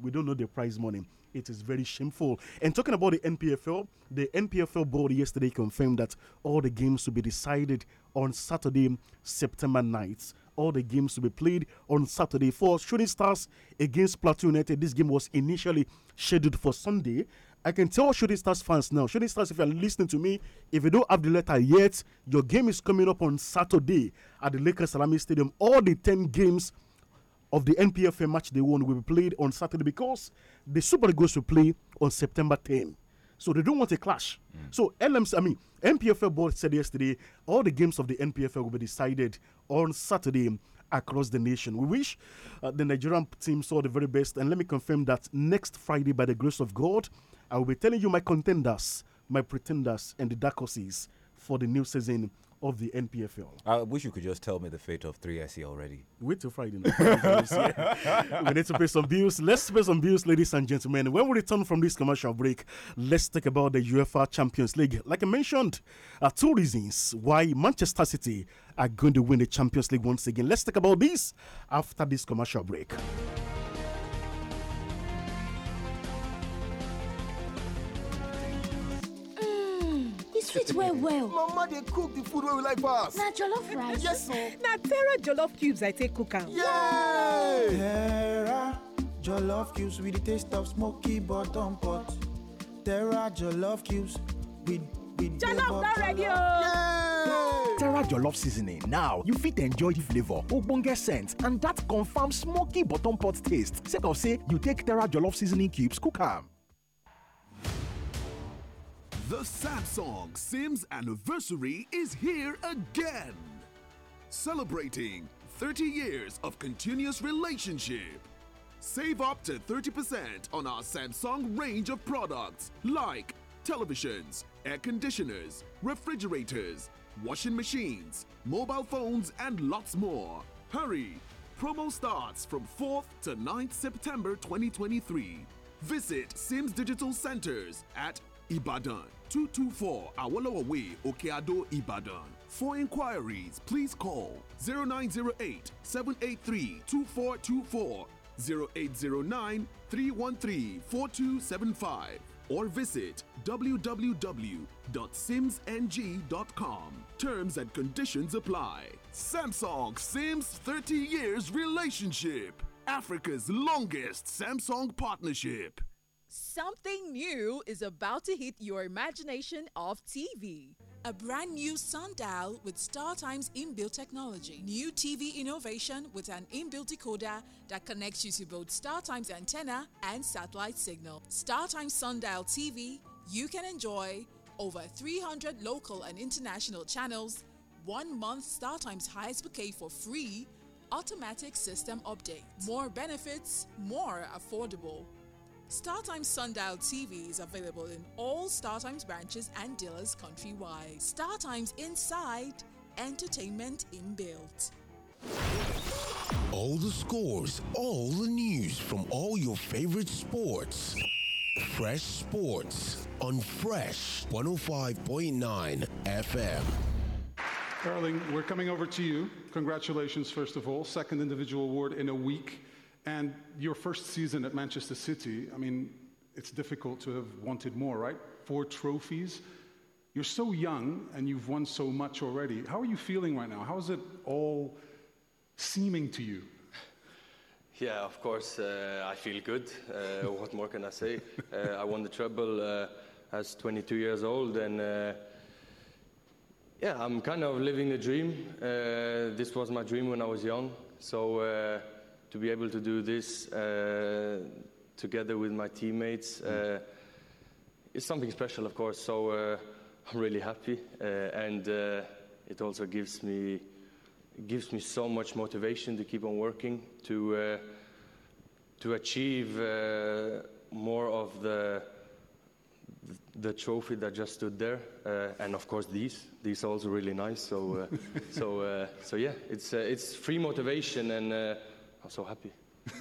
[SPEAKER 17] we don't know the prize money. It is very shameful. And talking about the NPFL, the NPFL board yesterday confirmed that all the games will be decided on Saturday, September 9th. All the games will be played on Saturday for Shooting Stars against Plateau United. This game was initially scheduled for Sunday, I can tell Shooting Stars fans now. Shooting Stars, if you're listening to me, if you don't have the letter yet, your game is coming up on Saturday at the Lakers Salami Stadium. All the 10 games of the NPFA match they won will be played on Saturday because the Super Eagles will play on September 10. So they don't want a clash. Mm. So LMC, I mean, NPFL board said yesterday all the games of the NPFL will be decided on Saturday across the nation. We wish uh, the Nigerian team saw the very best. And let me confirm that next Friday, by the grace of God, I will be telling you my contenders, my pretenders, and the dark horses for the new season of the NPFL.
[SPEAKER 1] I wish you could just tell me the fate of 3SE already. Wait till Friday. Night. we need to pay some
[SPEAKER 17] bills. Let's pay some bills, ladies and gentlemen. When we return from this commercial break, let's talk about the UEFA Champions League. Like I mentioned, uh, two reasons why Manchester City are going to win the Champions League once again. Let's talk about this after this commercial break.
[SPEAKER 8] Eat it well, well. Mama, they cook the food where we like pass. Now jollof rice. yes, sir. Now Terra jollof cubes I take cook out. Yay!
[SPEAKER 10] Terra jollof cubes with the taste of smoky bottom pot. Terra jollof cubes with with
[SPEAKER 19] jollof don ready oh.
[SPEAKER 16] Terra jollof seasoning now you fit enjoy the flavour, ogbonge scent and that confirms smoky bottom pot taste sake of say you take Terra jollof seasoning cubes cook am. The Samsung Sims anniversary is here again. Celebrating 30 years of continuous relationship. Save up to 30% on our Samsung range of products like televisions, air conditioners, refrigerators, washing machines, mobile phones, and lots more. Hurry! Promo starts from 4th to 9th September 2023. Visit Sims Digital Centers at Ibadan, 224 Awolowo Way, Okeado, Ibadan. For inquiries, please call 0908 783 2424, 0809 313 4275, or visit www.simsng.com. Terms and conditions apply. Samsung Sims 30 Years Relationship, Africa's longest Samsung partnership.
[SPEAKER 8] Something new is about to hit your imagination of TV. A brand new sundial with StarTime's inbuilt technology. New TV innovation with an inbuilt decoder that connects you to both StarTime's antenna and satellite signal. StarTime Sundial TV, you can enjoy over 300 local and international channels, one month StarTime's highest bouquet for free, automatic system update. More benefits, more affordable. StarTimes Sundial TV is available in all StarTimes branches and dealers countrywide. StarTimes Inside, entertainment inbuilt.
[SPEAKER 10] All the scores, all the news from all your favorite
[SPEAKER 16] sports. Fresh Sports on Fresh 105.9 FM. Darling, we're coming over to you. Congratulations, first of all. Second individual award in a week. And your first season at Manchester City, I mean, it's difficult to have wanted more, right? Four trophies. You're so young and you've won so much already. How are you feeling right now? How is it all seeming to you?
[SPEAKER 14] Yeah, of course, uh, I feel good. Uh, what more can I say? Uh, I won the treble uh, as 22 years old, and uh, yeah, I'm kind of living the dream. Uh, this was my dream when I was young, so to be able to do this uh, together with my teammates uh, is something special, of course. So uh, I'm really happy, and it also gives me gives me so much motivation to keep on working to to achieve more of the the trophy that just stood there, uh, and of course these. These are also really nice. So, uh, so, uh, so yeah, it's it's free motivation and. I'm so happy.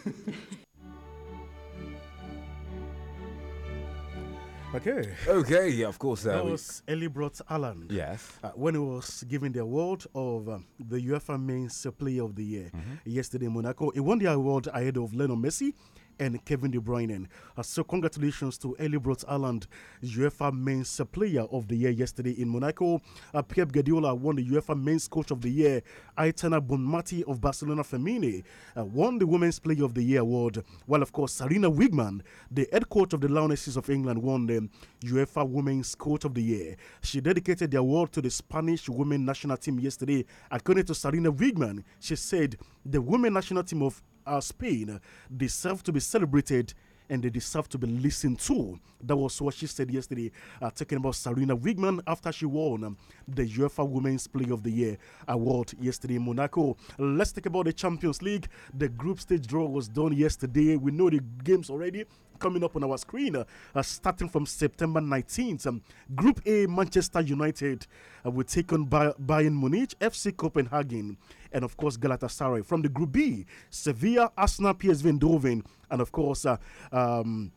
[SPEAKER 1] Okay. Okay, yeah, of course. Uh, that was Ellie Brot Allen. Yes.
[SPEAKER 17] Uh, when he was given the award of um, the UEFA Men's Player of the Year mm -hmm. yesterday in Monaco, he won the award ahead of Lionel Messi and Kevin De Bruyne. Uh, so, congratulations to Elibrot Island, UEFA Men's Player of the Year yesterday in Monaco. Uh, Pep Guardiola won the UEFA Men's Coach of the Year. Aitana Bonmati of Barcelona Femini uh, won the Women's Player of the Year award. While, of course, Sarina Wigman, the head coach of the Lionesses of England, won the UEFA Women's Coach of the Year. She dedicated the award to the Spanish women national team yesterday. According to Sarina Wigman, she said the women national team of uh, Spain deserve to be celebrated and they deserve to be listened to. That was what she said yesterday, uh, talking about Serena Wigman after she won the UEFA Women's Player of the Year award yesterday in Monaco. Let's talk about the Champions League. The group stage draw was done yesterday. We know the games already coming up on our screen, uh, uh, starting from September 19th. Um, Group A, Manchester United uh, will take on Bayern Munich, FC Copenhagen, and of course Galatasaray. From the Group B, Sevilla, Arsenal, PSV Eindhoven, and of course um,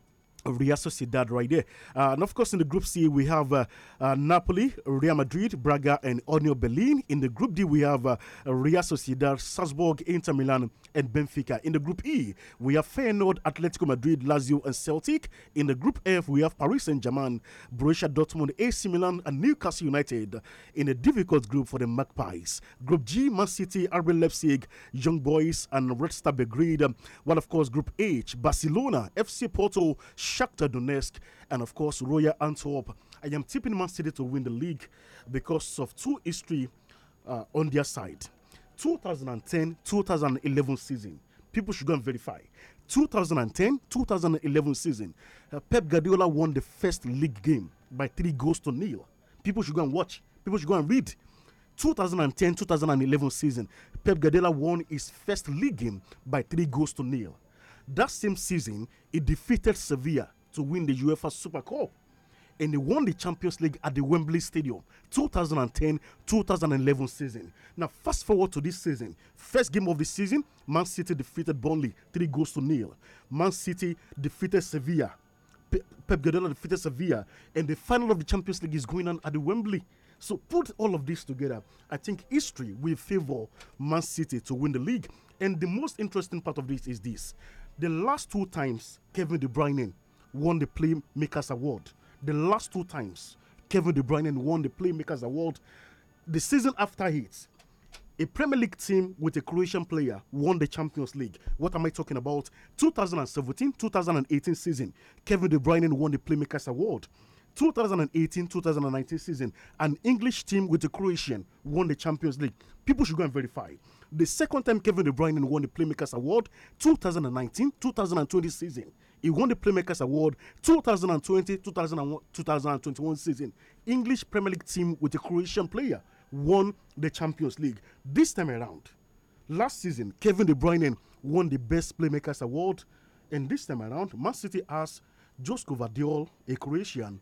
[SPEAKER 17] Real Sociedad right there. Uh, and of course, in the Group C, we have uh, uh, Napoli, Real Madrid, Braga, and Onio Berlin. In the Group D, we have uh, Real Sociedad, Salzburg, Inter Milan, and Benfica. In the Group E, we have Feyenoord, Atletico Madrid, Lazio, and Celtic. In the Group F, we have Paris Saint Germain, Borussia Dortmund, AC Milan, and Newcastle United. In a difficult group for the Magpies. Group G, Man City, RB Leipzig, Young Boys, and Red Star Belgrade. Um, of course, Group H, Barcelona, FC Porto, Shakhtar Donetsk, and of course Royal Antwerp. I am tipping Man City to win the league because of two history uh, on their side. 2010 2011 season. People should go and verify. 2010 2011 season, uh, Pep Guardiola won the first league game by three goals to nil. People should go and watch. People should go and read. 2010 2011 season, Pep Guardiola won his first league game by three goals to nil. That same season, it defeated Sevilla to win the UEFA Super Cup. And he won the Champions League at the Wembley Stadium 2010 2011 season. Now, fast forward to this season. First game of the season, Man City defeated Burnley 3 goals to nil. Man City defeated Sevilla. Pep Guardiola defeated Sevilla. And the final of the Champions League is going on at the Wembley. So put all of this together, I think history will favor Man City to win the league. And the most interesting part of this is this the last two times Kevin De Bruyne won the Playmakers Award, the last two times Kevin De Bruyne won the Playmakers Award, the season after it, a Premier League team with a Croatian player won the Champions League. What am I talking about? 2017 2018 season, Kevin De Bruyne won the Playmakers Award. 2018-2019 season, an English team with a Croatian won the Champions League. People should go and verify. The second time Kevin De Bruyne won the Playmakers Award, 2019-2020 season. He won the Playmakers Award 2020-2021 season. English Premier League team with a Croatian player won the Champions League. This time around, last season, Kevin De Bruyne won the Best Playmakers Award. And this time around, Man City asked Josko Vadiol, a Croatian,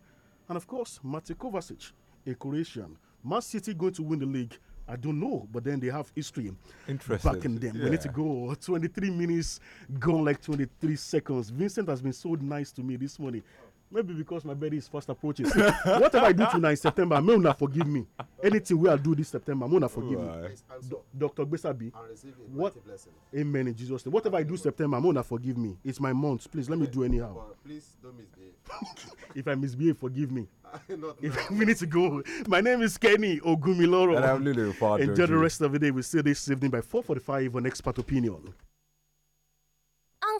[SPEAKER 17] and of course, Mate Kovacic, a Croatian. Man City going to win the league. I don't know, but then they have history
[SPEAKER 5] Interesting. back in them. Yeah. We need to
[SPEAKER 17] go. 23 minutes gone like 23 seconds. Vincent has been so nice to me this morning maybe because my birthday is fast approaching. Whatever I do tonight in September, may una forgive me. Anything we will do this September, may una forgive right. me. Dr. Besabi, what? Amen in Jesus' name. Whatever I do September, may una forgive me. It's my month. Please let me do anyhow.
[SPEAKER 20] please don't misbehave.
[SPEAKER 17] if I misbehave, forgive me. if we need to go, my name is Kenny Ogumiloro. And I'm Lulu Enjoy the rest of the day. We we'll see this evening by 4:45 on Expert Opinion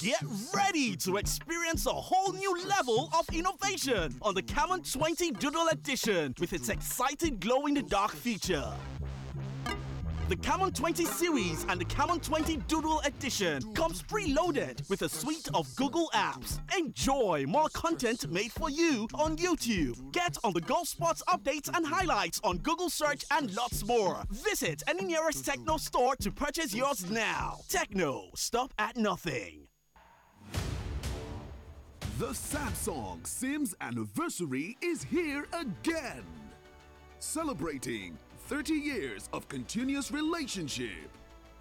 [SPEAKER 16] Get ready to experience a whole new level of innovation on the Camon 20 Doodle Edition with its exciting glow in the dark feature. The Camon 20 series and the Camon 20 Doodle edition comes preloaded with a suite of Google apps. Enjoy more content made for you on YouTube. Get on the golf spots updates and highlights on Google search and lots more.
[SPEAKER 20] Visit
[SPEAKER 10] any
[SPEAKER 16] nearest techno store to purchase yours now. Techno, stop at nothing. The Samsung Sims anniversary is here again. Celebrating 30 years of continuous relationship.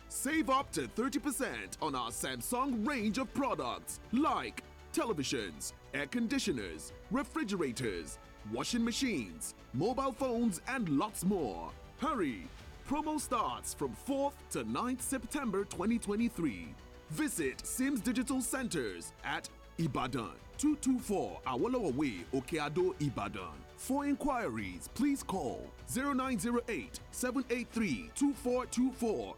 [SPEAKER 16] Save up to 30% on our Samsung range of products like televisions, air conditioners, refrigerators, washing machines, mobile phones, and lots more. Hurry! Promo starts from 4th to 9th September 2023. Visit Sims Digital Centers at Ibadan, 224 Awolowo Way, Okeado, Ibadan. For inquiries, please call 0908 783 2424,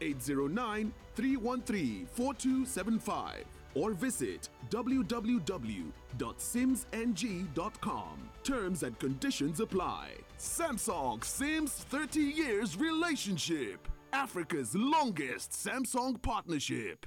[SPEAKER 16] 0809 313 4275, or visit www.simsng.com. Terms and conditions apply. Samsung Sims 30 Years Relationship, Africa's longest Samsung partnership.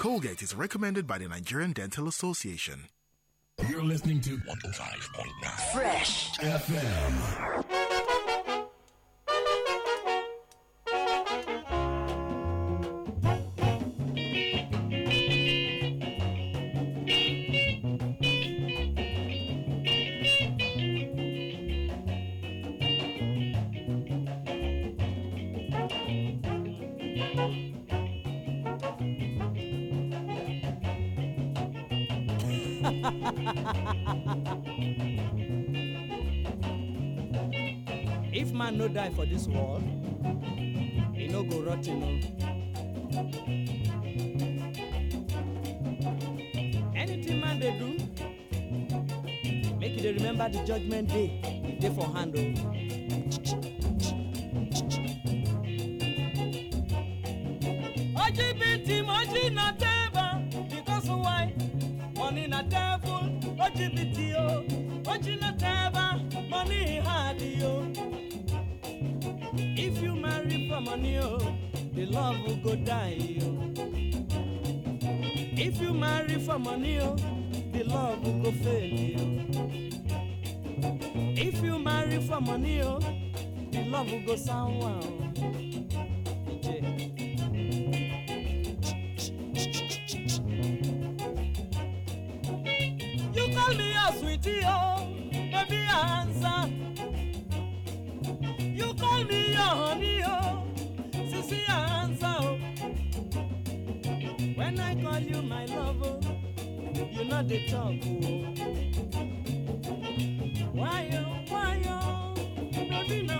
[SPEAKER 16] Colgate is recommended by the Nigerian Dental Association. You're listening to 105.9
[SPEAKER 12] Fresh
[SPEAKER 16] FM.
[SPEAKER 11] guy for this world e no go rot ten o. anything man
[SPEAKER 21] dey do make you dey remember the judgement day e dey for hand o. Oh.
[SPEAKER 11] money, oh, the love will go die. Oh. If you marry for money, oh, the love will go fail. Oh. If you marry for money,
[SPEAKER 9] oh, the love will go sour.
[SPEAKER 11] You call me a sweetie, oh. When I call you my lover, oh, you not the talk. Oh. Why, oh, why,
[SPEAKER 9] oh, no, no.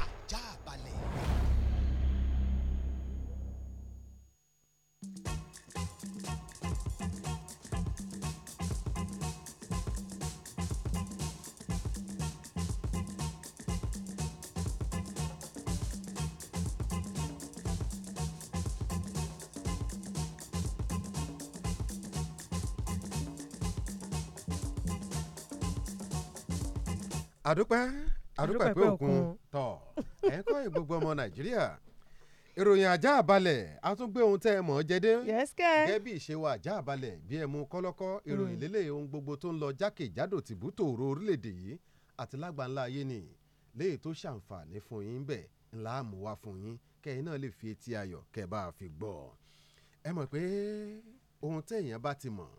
[SPEAKER 22] àdúpẹ́ àdúpẹ́ pé òkun tọ̀ ẹ̀ ń kọ́ ìgbogbo ọmọ nàìjíríà ìròyìn ajá àbálẹ̀ a tún gbé ohun tẹ́ ẹ mọ̀ ọ́ jẹ́dé gẹ́gẹ́ bí ìṣèwà ajá àbálẹ̀ bí ẹ mú kọ́lọ́kọ́ ìròyìn mm. lélẹ̀ ohun gbogbo tó ń lọ jákèjádò tìbútòrò orílẹ̀-èdè yìí àti lágbàńlá ayé ni léyìí tó ṣàǹfààní fún yín bẹ́ẹ̀ ńlá mú wá fún yín kẹ́yìn náà lè fi etí ayọ̀ kẹ́ bá fi gbọ́ ẹ mọ̀ pé ohun tẹ́ èèyàn bá ti mọ̀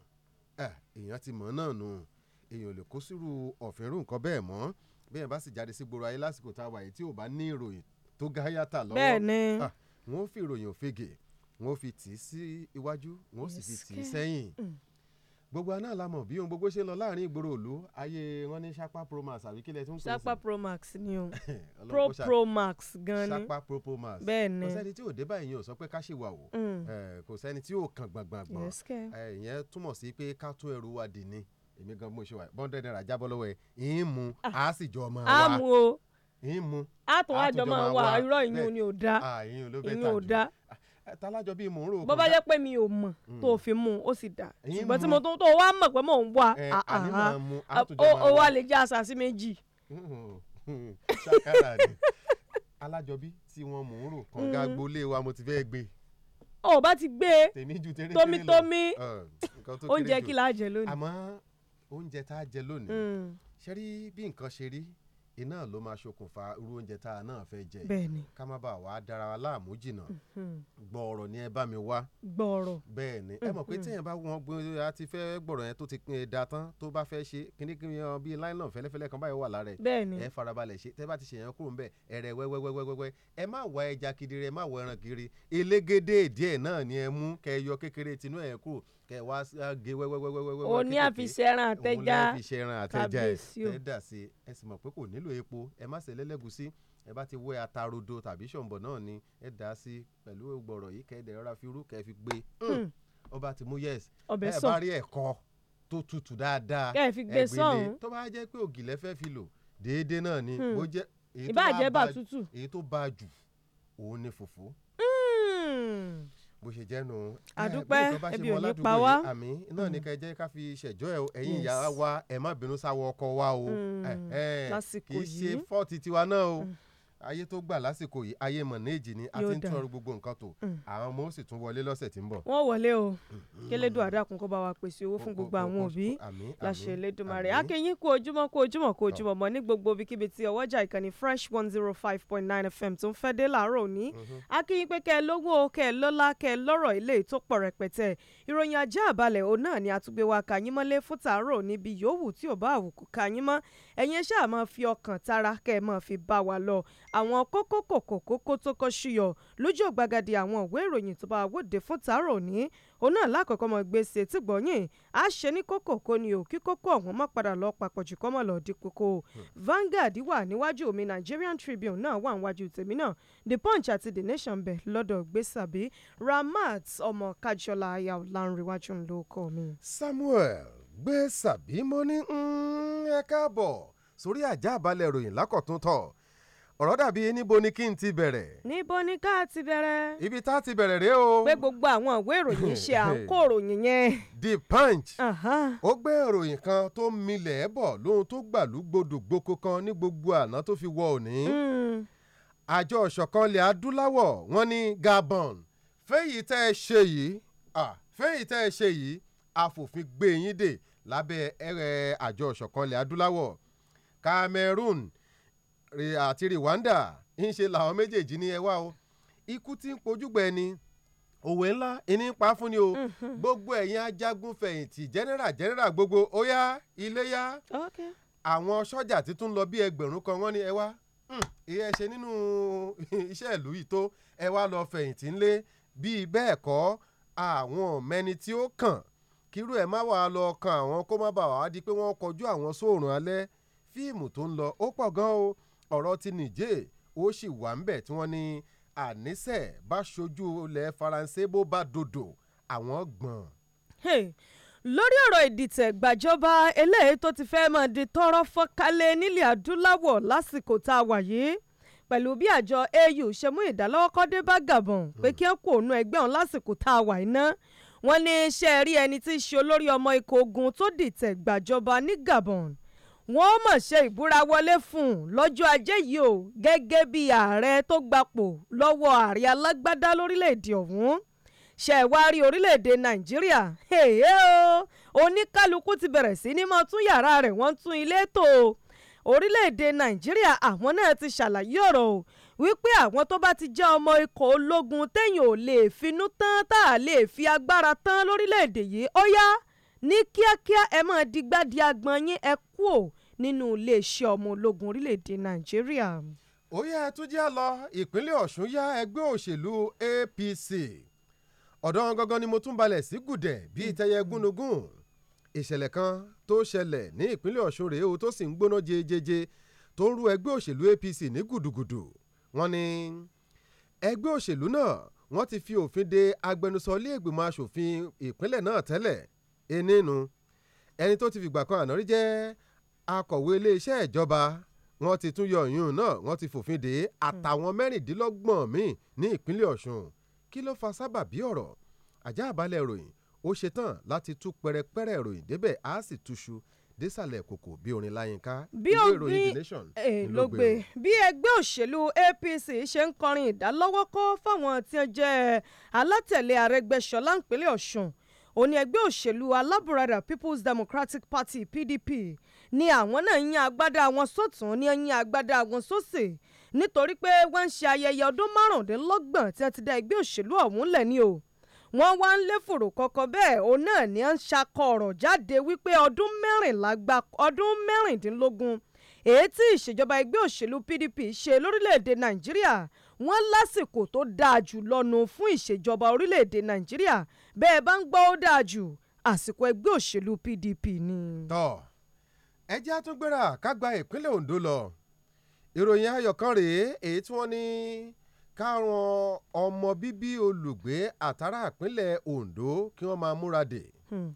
[SPEAKER 22] èèyàn ti mọ̀ náà nù èèyàn ò lè kó sírú ọ̀fẹ́ irú nǹkan bẹ́ẹ̀ mọ́ bí èèyàn bá sì jáde sí gbòòrò ayé lásìkò tá a wà yìí tí ò bá ní ìròyìn tó gáyàtà lọ́wọ́ bẹ́ẹ̀ ni wọ́n fi ìròyìn òfegè wọ́n fi tì í sí iwájú wọ́n sì fi tì í sẹ́yìn mm. gbogbo aná àlámọ̀ bí ohun gbogbo ṣe lọ láàrin ìgboro òlu ayé wọn ní sapa promax àbí kílẹ̀ tó ń pèsè. sapa promax ni o pro promax gan ni sapa pro promax bẹ́ẹ̀ ni kò sẹ́ni tí ò dé báyìí yẹn ò sọ pé ká ṣe wà o mm. kò sẹ́ni tí ò kàn gbàngbàngbàn ìyẹn túmọ̀ sí pé ká tó ẹrù wa dì ni èmi gan mo ṣe wà bọ́ńdẹ̀ náírà jábọ́ lọ́wọ́ ẹ̀ ń mu ah. a sì jọ ọmọ wa a o ń mu a tún wá jọ máa wà irọ́ ìyún ni ò da ah, ìyún ò da
[SPEAKER 11] ah, talájọ bíi mò ń rò ó. bọ́bá jẹ́ pé mi ò mọ̀ hmm. tó o fi mú un sì dà ṣùgbọ́n tí mo tó tó o wá mọ̀ pé mò ń wá o wa lè jẹ́ àṣàṣì méjì.
[SPEAKER 22] ni alájọbí tí wọ́n mò ń rò kànga hmm. gbolé wa mo ti fẹ́ gbé ọ̀ ti gbé tómi oúnjẹ kí la jẹ lónìí oúnjẹ tá a jẹ lónìí hmm. ṣe rí bí nǹkan ṣe rí iná ló máa ṣokùnfà irú oúnjẹ tá a náà fẹ́ jẹ yìí ká má bàa wàá dára wa láàmú jìnnà hmm. gbọ̀ọ̀rọ̀ ni ẹ bá mi wá gbọ̀ọ̀rọ̀ bẹ́ẹ̀ ni ẹ hmm, mọ̀ pé téèyàn bá wọn gbọ́n a ti fẹ́ gbọ̀ọ̀rọ̀ yẹn tó ti pin ẹ̀dá tán tó bá fẹ́ ṣe kínníkínní yan bíi láìlọ́n fẹ́lẹ́fẹ́lẹ́ kan báyìí wà lára ẹ farabalẹ̀ ṣe tẹ́ bá ti ṣe kúrò ńbẹ̀ ẹ̀rẹ̀ wẹ́wẹ́wẹ́wẹ́wẹ́ ẹ má wá ẹja kẹ wá gé wẹ́wẹ́wẹ́wẹ́wẹ́. o ní
[SPEAKER 11] àfiṣẹ́ràn àtẹ́já
[SPEAKER 22] kábíyèsí o tẹ́dà sí ẹ sì mọ̀ pé kò nílò epo ẹ má ṣe lẹ́lẹ́gùsí ẹ bá ti wẹ́ atarodo tàbí ṣọ̀ǹbọ̀ náà ni ẹ dà á sí pẹ̀lú gbọ̀rọ̀ yìí kẹ́ ẹ dẹ̀ rọra fi rú kẹ́ ẹ fi gbé ọba hmm. hmm. ti mú yẹ́s ẹ bá rí ẹ̀kọ́ tó tutù dáadáa ẹ gbélé tó bá jẹ́ pé ògì lẹ́fẹ́ fi lò déédéé náà ni hmm. bó jẹ́ èyí tó bá jù òun ni fùfú bó ṣe jẹ́ nù. àdúpẹ́ ẹbí ò ní pa wá. àmì náà ní mm. kẹjẹ ká fi ṣẹjọ ẹ ẹ̀yin ìyá wa ẹ má bínú sáwọ ọkọ wa o mm. kì í ṣe fọ́ọ̀tì tiwa náà o. Mm ayé tó gbà lásìkò yìí ayé mọ̀nẹ́ẹ̀jì ni a ti ń tọrọ gbogbo nǹkan tó mm. àwọn ọmọ ó sì tún wọlé lọ́sẹ̀ tí ń bọ̀. wọ́n
[SPEAKER 11] wọlé o mm-hmm. kélédò àdàkùn kó bá wa pèsè owó fún gbogbo àwọn òbí láṣẹ Elédùmarè akínyìn kú ojúmọ́ kú ojúmọ́ kú ojúmọ́ mọ́ ní gbogbo ibikíbi tí ọwọ́jà ìkànnì fresh one zero five point nine fm tó ń fẹ́ dé làárọ̀ òní mm-hmm. akínyìn pé kẹ́ ẹ lówó kẹ́ ẹ lọ́lá kẹ́ ẹ lọ́rọ̀ ilé tó pọ̀ rẹpẹtẹ ìròyìn ajá àbálẹ̀ òun náà ni àtúgbé wa kàyín mọ́lé fún tàárọ̀ níbi yòówù tí ò bá àwùkù kàyín mọ́ ẹ̀yin ṣáà máa fi ọkàn tara kẹ́ máa fi bá wa lọ àwọn kókó kòkó kókó tó kọ́ ṣíyọ lójú ọ̀gbagadì àwọn ìwé ìròyìn tó bá wòde fún tàárọ̀ òní òun náà lákọ̀ọ́kọ́ mọ gbèsè tí gbọ̀nyìn á ṣe ní kókó kó ni ò kí kókó ọ̀hún má padà lọ papọ̀ jù kọ́mọ̀ lọ di kókó hmm. Vanguard wà níwájú omi Nigerian Tribune náà wà níwájú tèmi náà The Punch àti The Nation bẹ̀ lọ́dọ̀ gbèsàbí Ramat ọmọ Kájọlá aya Ọ̀lànrìnwájú ń lo mi.
[SPEAKER 22] Samuel gbèsàbí mo ní hmm, ẹ káàbọ̀ sórí àjàbalẹ̀ ìròyìn lákọ̀tún tọ̀ ọ̀rọ̀ dàbí níbo ni kí n ti bẹ̀rẹ̀.
[SPEAKER 11] níbo ni ká ti bẹ̀rẹ̀.
[SPEAKER 22] ibi tá a ti bẹ̀rẹ̀ rèé o. pé gbogbo àwọn ìwé ìròyìn ṣe à ń kó ìròyìn yẹn. The Punch ó gbé ìròyìn kan tó ń milẹ̀ ẹ́ bọ̀ lóhun tó gbàlú gbòdògbòkó kan ní gbogbo àná tó fi wọ òní. Hmm. àjọ ìṣọ̀kan ilẹ̀ adúláwọ̀ wọ́n ní Gabon fẹ́yìí tẹ́ ẹ ṣe yìí fẹ́yìí tẹ́ ẹ ṣe yìí àfòfin gbé yín dè lábẹ́ ẹ̀rẹ̀ àjọ ìṣọ̀kan ilẹ̀ adúláwọ̀ Cameroon àti Rwanda ń ṣe làwọn méjèèjì ní ẹwà o ikú tí ń pojúgbẹ ni òwe ńlá ìní ń pa fún ni o mhm. gbogbo ẹ̀yin ajagun fẹ̀yìntì general general gbogbo oya yá ilé yá àwọn sọ́jà títún lọ bí ẹgbẹ̀rún kan wọ́n ní ẹ wá hmm, ìyẹn ṣe nínú iṣẹ́ ìlú yìí tó ẹ wá lọ fẹ̀yìntì ńlé bíi bẹ́ẹ̀ kọ́ àwọn mẹni tí ó kàn kírú ẹ̀ má wàá lọ kan àwọn kó má bàa wá di pé wọ́n kọjú àwọn sóòrùn alẹ́ fíìmù tó ń lọ ó pọ̀ gan o ọ̀rọ̀ ti Niger ó sì wà ńbẹ̀ tí wọ́n ní àníṣe bá ṣojú ilẹ̀ Faransé bó bá dodò àwọn gbọ̀n.
[SPEAKER 11] lórí ọ̀rọ̀ ìdìtẹ̀ gbàjọba eléyìí tó ti fẹ́ máa di tọ́rọ́ fọ́nkálẹ̀ nílẹ̀ adúláwọ̀ lásìkò tá a wà yìí pẹ̀lú bí àjọ AU ṣe mú ìdálọ́wọ́kọ́ bá Gabon pé kí wọ́n òun ẹgbẹ́ òun lásìkò tá a wà yìí ná wọ́n ní ṣe rí ẹni tí í ṣe olórí ọmọ ikọ̀ ogun tó dìtẹ̀ gbàjọba ní Gabon wọn ó mà ṣe ìbúra wọlé fún un lọ́jọ́ ajé yìí o gẹ́gẹ́ bíi ààrẹ tó gbapò lọ́wọ́ ààrẹ alágbádá lórílẹ̀‐èdè ọ̀hún ṣẹ̀wárí orílẹ̀‐èdè nàìjíríà èyí o oníkálukú ti bẹ̀rẹ̀ sí ní máa tún yàrá rẹ̀ wọ́n tún ilé tò ó orílẹ̀‐èdè nàìjíríà àwọn náà ti ṣàlàyé ọ̀rọ̀ o wípé àwọn tó bá ti jẹ́ ọmọ ikọ̀ ológun téèyàn ò lè finú tán tá a lè fi agbára tán lórílẹ̀‐èdè yìí ó yá ní kíákíá ẹ máa digbá di agbọ̀n yín ẹ kúò nínú iléeṣẹ́ ọmọ ológun orílẹ̀‐èdè nàìjíríà.
[SPEAKER 22] ó yẹ àtúnjá lọ ìpínlẹ̀ ọ̀ṣun yá ẹgbẹ́ òṣèlú apc ọ̀dọ́ wọn gangan ni mo tún balẹ̀ sí gùdẹ̀ bíi tẹyẹ gúnugún ìṣẹ̀lẹ̀ kan tó ṣẹlẹ̀ ní ìpínlẹ̀ ọ̀ṣun rèé o tó sì ń gbóná jejeje tó ń rú ẹgbẹ́ òṣèlú apc ní gùdùgùdù wọ́n ní ẹgbẹ́ òṣèlú náà wọ́n ti fi òfin de agbẹnusọ ilé ìgbìmọ̀ asòfin ìpínlẹ̀ náà tẹ́lẹ̀ enénu ẹni tó ti fìgbà kan ànárí jẹ́ akọ̀wé iléeṣẹ́ ìjọba wọ́n ti tún yọ ìyún náà wọ́n ti fòfin dè hmm. àtàwọn mẹ́rìndínlọ́gbọ̀n míì ní ìpínlẹ̀ ọ̀ṣun kí ló fa sábàbí ọ̀rọ̀ ajá àbálẹ̀ ìròyìn ó ṣetán láti tú pẹrẹpẹrẹ ìròyìn débẹ̀ á sì túṣu désàlẹ̀ kòkò bí orin láyínká ìwé ìròyìn the
[SPEAKER 11] bí ẹgbẹ́ òṣèlú apc ṣe ń kọrin ìdálọ́wọ́kọ́ fáwọn tí wọ́n jẹ́ alátẹ̀lé arẹ́gbẹ́sọlá ìpínlẹ̀ ọ̀ṣun ó ní ẹgbẹ́ òṣèlú alábùradà people's democratic party pdp ni àwọn náà yín agbádá wọn sọ́tún ní yín agbádá wọn sósì nítorí pé wọ́n ń ṣe ayẹyẹ ọdún márùndínlọ́gbọ̀n tí wọ́n ti dá ẹgbẹ́ òṣèlú ọ̀hún lẹ̀ ni o wọ́n wá ń lé fòrò kọ̀ọ̀kan bẹ́ẹ̀ òun náà ni ń ṣakọ ọ̀rọ̀ jáde wípé ọdún mẹ́rìnlá gba ọdún mẹ́rìndínlógún èyí tí ìṣèjọba ẹgbẹ́ òṣèlú pdp ṣe lórílẹ̀‐èdè nàìjíríà wọ́n lásìkò tó dáa jù lọ́nu fún ìṣèjọba orílẹ̀‐èdè nàìjíríà bẹ́ẹ̀ bá ń gbọ́ ó dáa jù àsìkò ẹgbẹ́ òṣèlú PDP
[SPEAKER 22] ni. tọ́ ẹ jẹ́ àtúngbéra ká gba ìpínlẹ̀ Ondo lọ ìròyìn ayọ̀ kan rèé èyí tí wọ́n ní káwọn ọmọ bíbí olùgbé àtàrà ìpínlẹ̀ Ondo kí wọ́n máa múra dè. Hmm.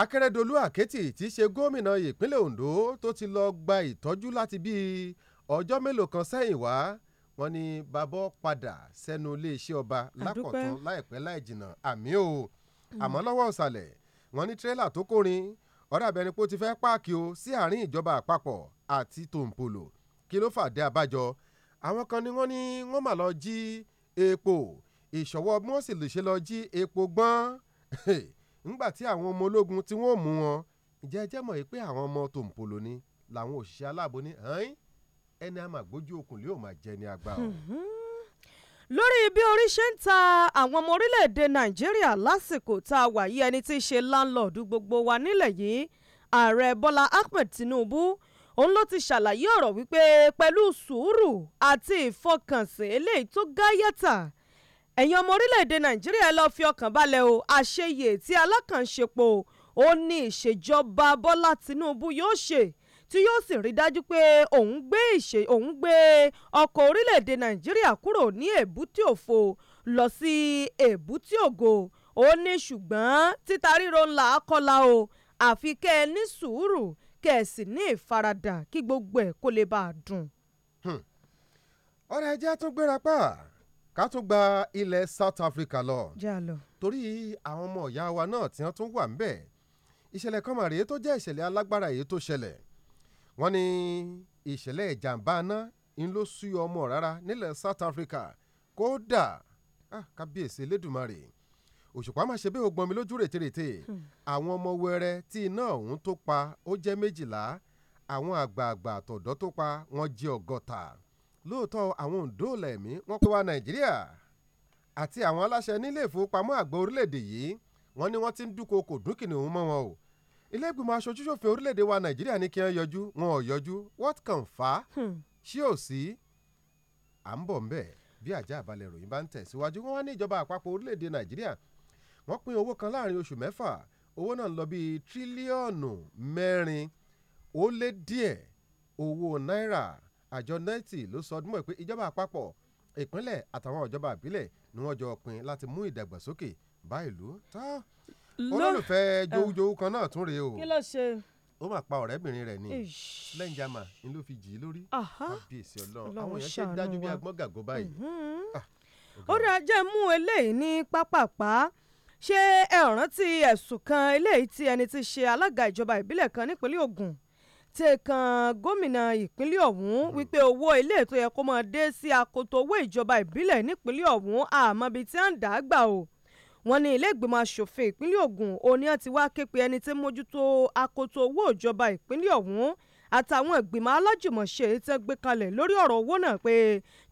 [SPEAKER 22] Akérèdọ́lù Àkẹ́tì tí í ṣe gómìnà ìpínlẹ̀ Ondo tó ti lọ gba ìtọ́jú láti bíi ọjọ́ mélòó kan sẹ́yìn wá wọ́n ní babọ́ padà sẹ́nu iléeṣẹ́ ọba lákọ̀tún láìpẹ́ láìjìnà àmì o mm. àmọ́ lọ́wọ́ ọ̀sàlẹ̀ wọ́n ní tírélà tó kórin ọ̀rọ̀ abẹni ti fẹ́ páàkì o sí àárín ìjọba àpapọ̀ àti tòǹpolò kí ló fàdé abájọ àwọn kan ni wọ́n ní wọ́n mà lọ jí epo ìṣọwọ́ bí wọ́n sì lè ṣe lọ jí epo gbọ́n ńgbà tí àwọn ọmọ ológun tí wọ́n mú wọn jẹ́jẹ́ mọ̀ pé àwọn ọmọ tòǹpolò ni làwọn òṣìṣẹ́ aláàbò ní hàn ẹni a máa gbójú okùn lé òun máa jẹ ní agbá o. Mm-hmm.
[SPEAKER 11] lórí bí orí ṣe ń ta àwọn ọmọ orílẹ̀-èdè nàìjíríà lásìkò tá a wà yìí ẹni tí í ṣe láńlọ́ọ̀dù gbogbo wa nílẹ̀ yìí ààrẹ bọ́lá ahmed tinubu òun ló ti ṣàlàyé ọ̀rọ̀ wípé pẹ̀lú sùúrù àti ìfọkànsìn eléyìí tó gáyàtà ẹ̀yin ọmọ orílẹ̀-èdè nàìjíríà ẹ lọ́ọ́ fi ọkàn balẹ̀ o àṣeyè tí alákànṣepọ̀ ó ní ìṣèjọba bọ́lá tinubu yóò ṣe tí yóò sì rí dájú pé òun gbé ìṣe òun gbé ọkọ̀ orílẹ̀-èdè nàìjíríà kúrò ní èbúté òfo lọ sí èbúté ògo ó ní ṣùgbọ́n títa ríro ńlá kọ́la o àfi kẹ́ ẹ ní sùúrù kẹ́ ẹ sì ní ìfaradà kí gbogbo ẹ̀ kó lè bá a dùn.
[SPEAKER 22] Hmm. ọ̀rẹ́ ẹja tó gbéra ká tó gba ilẹ̀ South Africa lọ torí àwọn ọmọ ìyá wa náà tí wọ́n tún wà ń bẹ̀ ìṣẹ̀lẹ̀ kan mà rèé tó jẹ́ ìṣẹ̀lẹ̀ alágbára èyí tó ṣẹlẹ̀ wọ́n ní ìṣẹ̀lẹ̀ ìjàmbá iná ń ló súyọ ọmọ rárá nílẹ̀ South Africa kódà ah, kábíyèsí elédùnmarè òṣùpá máa ṣe bí ògbọ́n mi lójú rètérètè hmm. àwọn ọmọ wẹrẹ tí iná ọ̀hún tó pa ó jẹ́ méjìlá àwọn àgbààgbà àtọ̀dọ́ tó pa wọ́n jẹ́ ọgọ́ta lóòótọ́ àwọn òǹdóòlẹ̀mí wọ́n kó wa Nàìjíríà àti àwọn aláṣẹ nílé ìfowópamọ́ àgbà orílẹ̀-èdè yìí wọ́n ní wọ́n ti ń dúnkokò dúnkìnnìún mọ́ wọn o ilé-ìgbìmọ̀ aṣojú-ṣòfin orílẹ̀-èdè wa nàìjíríà ní kí wọ́n yọjú wọn ò yọjú what can fa hmm. ṣí ò sí à ń bọ̀ ń bẹ̀ bí àjá àbálẹ̀ ìròyìn bá ń tẹ̀síwájú wọ́n wá ní ìjọba àpapọ̀ orílẹ̀-èdè nàìjíríà wọ́n pín owó kan láàrin oṣù mẹ́fà owó náà lọ bíi tírílíọ̀nù mẹ́rin ó lé díẹ̀ owó náírà àjọ nẹ́ẹ̀tì ló sọ ọdún mọ́ pé ìjọba àpapọ̀ ìpínlẹ̀ àtàwọn ìjọba ìbílẹ̀ ni wọ́n jọ pín láti mú ìdàgbàsókè bá ìlú tán olólùfẹ́ ah. jowújowú kan náà tún rèé o kí ló ṣe ó mà pa ọ̀rẹ́bìnrin rẹ̀ ni lẹ́njàmà ni ló fi jì í lórí kábíyèsí ọlọ́run àwọn èèyàn ṣe dájú bí agbọ́n gàgó báyìí. Mhm. Ah,
[SPEAKER 11] ó dáa jẹ́ mú eléyìí ní pápápá ṣé ẹ rántí ẹ̀sùn kan eléyìí tí ẹni tí ṣe alága ìjọba ìbílẹ̀ kan nípínlẹ̀ Ògùn tẹ kan gómìnà ìpínlẹ̀ ọ̀hún hmm. wípé owó ilé ètò yẹ kó máa dé sí akoto owó ìjọba ìbílẹ̀ nípínlẹ̀ ọ̀hún àmọ́ bíi tí à ń dàgbà o. Mm wọ́n ní ilé ìgbìmọ̀ asòfin ìpínlẹ̀ Ògùn òní àti wá képe ẹni tí mójútó akoto owó ìjọba ìpínlẹ̀ ọ̀hún àtàwọn ìgbìmọ̀ alájùmọ̀ṣe tẹ́ gbé kalẹ̀ lórí ọ̀rọ̀ owó náà pé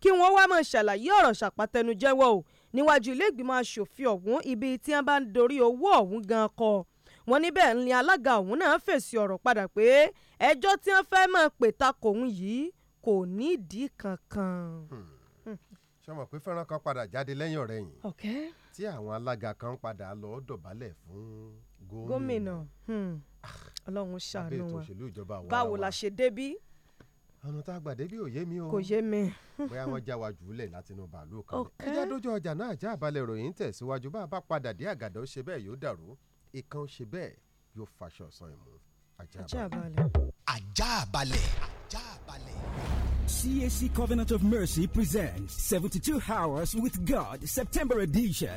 [SPEAKER 11] kí wọ́n wá máa ṣàlàyé ọ̀rọ̀ ṣàpàtẹnujẹ́wọ́ o níwájú ilé ìgbìmọ̀ asòfin ọ̀hún ibi tí wọ́n bá ń dorí owó ọ̀hún gan kọ wọ́n níbẹ̀ ń lin alága ọ̀hún náà fèsì ọ̀rọ̀ padà pé ẹjọ́ tí wọ́n fẹ́ máa pè ta kòun yìí kò nídìí kankan.
[SPEAKER 22] Hmm sọmọ pé fẹ́ràn kan padà jáde lẹ́yìn ọ̀rẹ́ yìí tí àwọn alága kan padà lọ dọ̀bálẹ̀ fún gómìnà
[SPEAKER 11] hmm. ah,
[SPEAKER 22] ọlọ́run ṣàánú wa báwo la ṣe débí ọ̀nà tá a gbà débi òye mi o kò yé mi. bóyá wọ́n já wa jùlẹ̀ látinú bàálù kan. ẹ já dójú ọjà náà já àbálẹ̀ ìròyìn tẹ̀síwájú bá a bá padà dé àgàdọ̀ ṣe bẹ́ẹ̀ yóò dàrú ìkan ṣe bẹ́ẹ̀ yóò faṣọ ọ̀sán ìmú. ajá balẹ̀. ajá balẹ̀. ajá balẹ̀. CAC
[SPEAKER 23] Covenant of Mercy presents 72 Hours with God, September edition.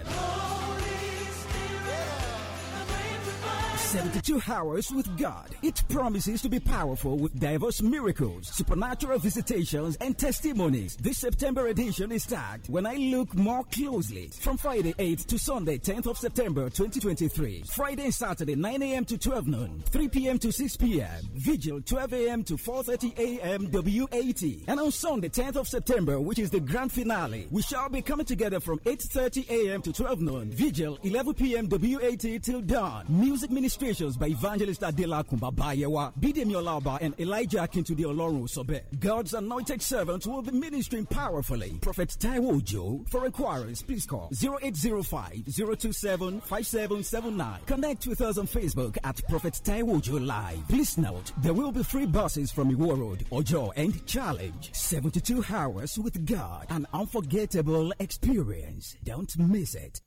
[SPEAKER 23] 72 Hours with God. It promises to be powerful with diverse miracles, supernatural visitations, and testimonies. This September edition is tagged When I Look More Closely from Friday 8th to Sunday 10th of September 2023. Friday and Saturday 9 a.m. to 12 noon, 3 p.m. to 6 p.m. Vigil 12 a.m. to 4.30 a.m. W80. And on Sunday 10th of September, which is the grand finale, we shall be coming together from 8.30 a.m. to 12 noon. Vigil 11 p.m. W80 till dawn. Music Ministry illustrations by evangelist Adela Kumbabayewa, Bidemi Olaba, and Elijah Akintude Olorun Sobe. God's anointed servants will be ministering powerfully. Prophet Taiwo Ojo. For inquiries, please call 0805 027 5779. Connect with us on Facebook at Prophet Taiwo Ojo Live. Please note, there will be free buses from Iwo Road, Ojo, and Challenge. 72 hours with God. An unforgettable experience. Don't miss it.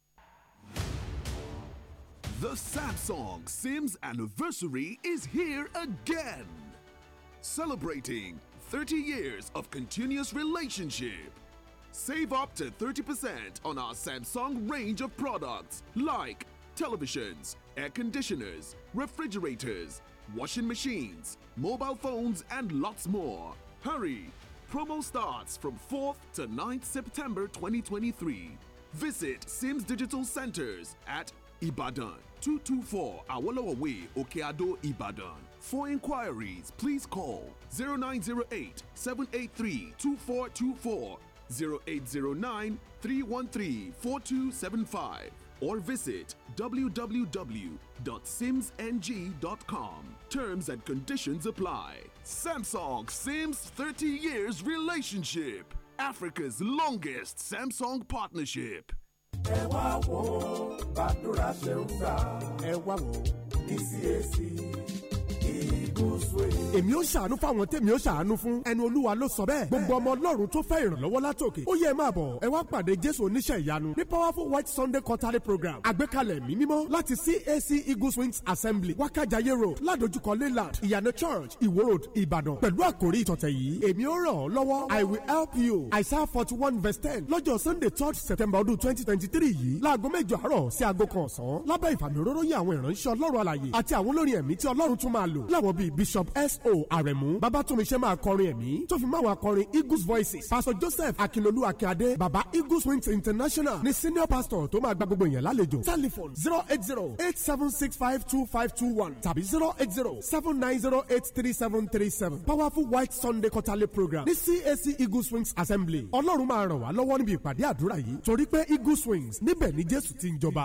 [SPEAKER 16] The Samsung Sims anniversary is here again. Celebrating 30 years of continuous relationship. Save up to 30% on our Samsung range of products like televisions, air conditioners, refrigerators, washing machines, mobile phones, and lots more. Hurry! Promo starts from 4th to 9th September 2023. Visit Sims Digital Centers at Ibadan, 224 Awolowo Way, Okeado, Ibadan. For inquiries, please call 0908 783 2424, 0809 313 4275 or visit www.simsng.com. Terms and conditions apply. Samsung Sims 30 years relationship. Africa's longest Samsung partnership. ṣe ń gbà. ẹ wá wò. ní
[SPEAKER 20] èmi ó ṣàánú fáwọn tèmi ó ṣàánú fún ẹnu olúwa ló sọ bẹ́ẹ̀ gbogbo ọmọ ọlọ́run tó fẹ́ ìrànlọ́wọ́ látòkè ó yẹ máa bọ̀ ẹ wá pàdé jésù oníṣẹ́ ìyanu ní powerful white sunday quarterly program àgbékalẹ̀ mi mímọ́ láti cac eagles wings assembly wákàjáyé road ládojúkọ leyland ìyànà church ìwó road ìbàdàn pẹ̀lú àkòrí ìtọ̀tẹ̀ yìí èmi ó ràn ọ́ lọ́wọ́ i will help you àìsà forty one verse ten lọ́jọ́ sunday third september ọdún twenty twenty three yìí láago mẹ́jọ àárọ̀ sí aago kan ọ̀sán lábẹ́ ìfàmì òróró yẹ àwọn láwọn bíi bishop S.O. Aremu babatunmiṣẹ́ máa kọrin ẹ̀mí tó fi máa wà kọrin eagles voices pastor joseph akinolu akíade baba eagles wings international ni senior pastor tó máa gba gbogbo èèyàn lálejò telephone zero eight zero eight seven six five two five two one tàbí zero eight zero seven nine zero eight three seven three seven powerful white sunday quarterly program ní CAC eagles wings assembly ọlọ́run máa ràn wá lọ́wọ́ níbi ìpàdé àdúrà yìí torí pé eagles wings níbẹ̀ ni jésù ti ń jọba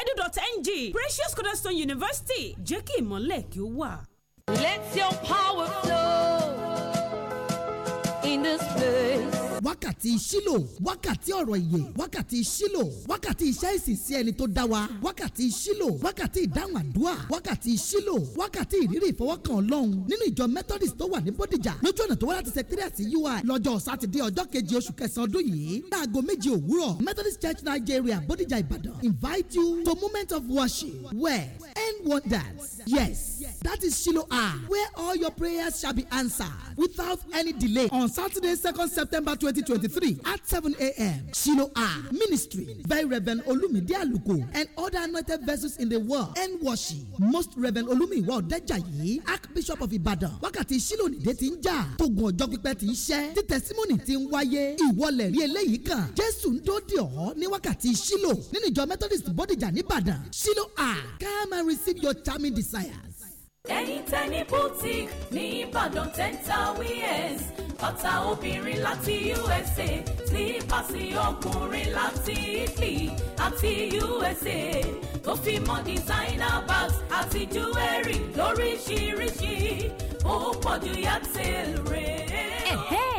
[SPEAKER 19] edu.ng Precious Cornerstone University jẹ́ kí ìmọ̀lẹ̀ kí ó wà. Let your power flow
[SPEAKER 21] in this place. wákàtí sílò wákàtí ọ̀rọ̀ ìyè wákàtí sílò wákàtí iṣẹ́ ìsìn sí ẹni tó dá wa wákàtí sílò wákàtí ìdáhùn àdúrà wákàtí sílò wákàtí ìrírí ìfọwọ́kàn ọlọ́run nínú ìjọ methodist tó wà ní bódìjà lójú ọ̀nà tó wá láti secretariat ui lọ́jọ́ sátidé ọjọ́ keje oṣù kẹsàn-án ọdún yìí láago méje òwúrọ̀ methodist church nigeria bódìjà ìbàdàn invite you to moment of worship where end wonders yes that is shiloh hour where all your prayers shall be answered without any delay on saturday second september twenty. 2023 at 7 a.m. Shilo R Ministry by Reverend Olumide Aluko and other anointed vessels in the world and worship. Most Reverend Olumiwa Ọ̀dẹ́jàyí Archbishop of Ibadan wákàtí Shilo nìdé ti ń jà tógun ọjọ́ pípẹ́ ti ń ṣẹ́ tí testimony ti ń wáyé ìwọlẹ̀ rí eléyìí kan Jésù ń dóde ọ̀ ní Shilo nínú ìjọ Methodist Bódìjà nìbàdàn Shilo R come and receive your charming desires
[SPEAKER 19] ẹ̀yin tẹ́ ní boutique ní Ìbàdàn dental wears bàtà
[SPEAKER 9] obìnrin láti USA slípàsì ọkùnrin láti Italy àti USA tó fi mọ́ designer bags àti jewelry
[SPEAKER 19] lóríṣiríṣi ó pọ̀ ju yàtẹ̀ rẹ̀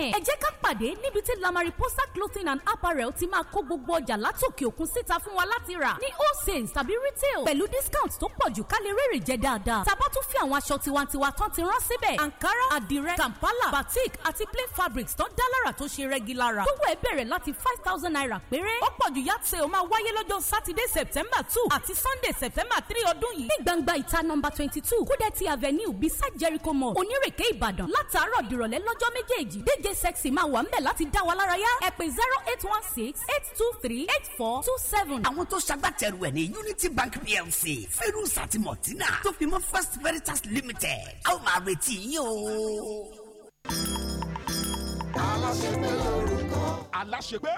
[SPEAKER 19] bẹ́ẹ̀. ẹ jẹ́ ká pàdé níbi tí la Mariposa clothing and apparel ti máa kó gbogbo ọjà látòkè òkun síta fún wa láti rà ní wholesale tàbí retail pẹ̀lú discount tó pọ̀ jù ká lè rèrè jẹ dáadáa. tá a bá tún fi àwọn aṣọ tiwantiwa tán ti rán síbẹ̀ Ankara àdìrẹ Kampala batik àti plain fabrics tán dá lára tó ṣe rẹ́gí lára. gbogbo ẹ bẹ̀rẹ̀ láti five thousand naira péré. ó pọ̀ jù yàtse ó máa wáyé lọ́jọ́ sátidé September two àti Sunday September three ọdún yìí. ní gbangba ìta nọmba twenty two Kúdẹ́tì avenue beside Jericho mall Onírèké Ìbàdàn látàárọ̀ dìrọ̀lẹ́ lọ́jọ́ méjèèjì díje dj sexy máa wà ńbẹ̀ láti dá wa lárayá ẹ pè zero eight one six eight two three eight four two seven. àwọn tó ṣagbátẹrù ẹ̀ ní unity bank
[SPEAKER 21] plc ferus àti martina
[SPEAKER 19] tó fi mọ́ first
[SPEAKER 24] veritas limited a ó máa retí yín o aláṣepé lórúkọ. aláṣepé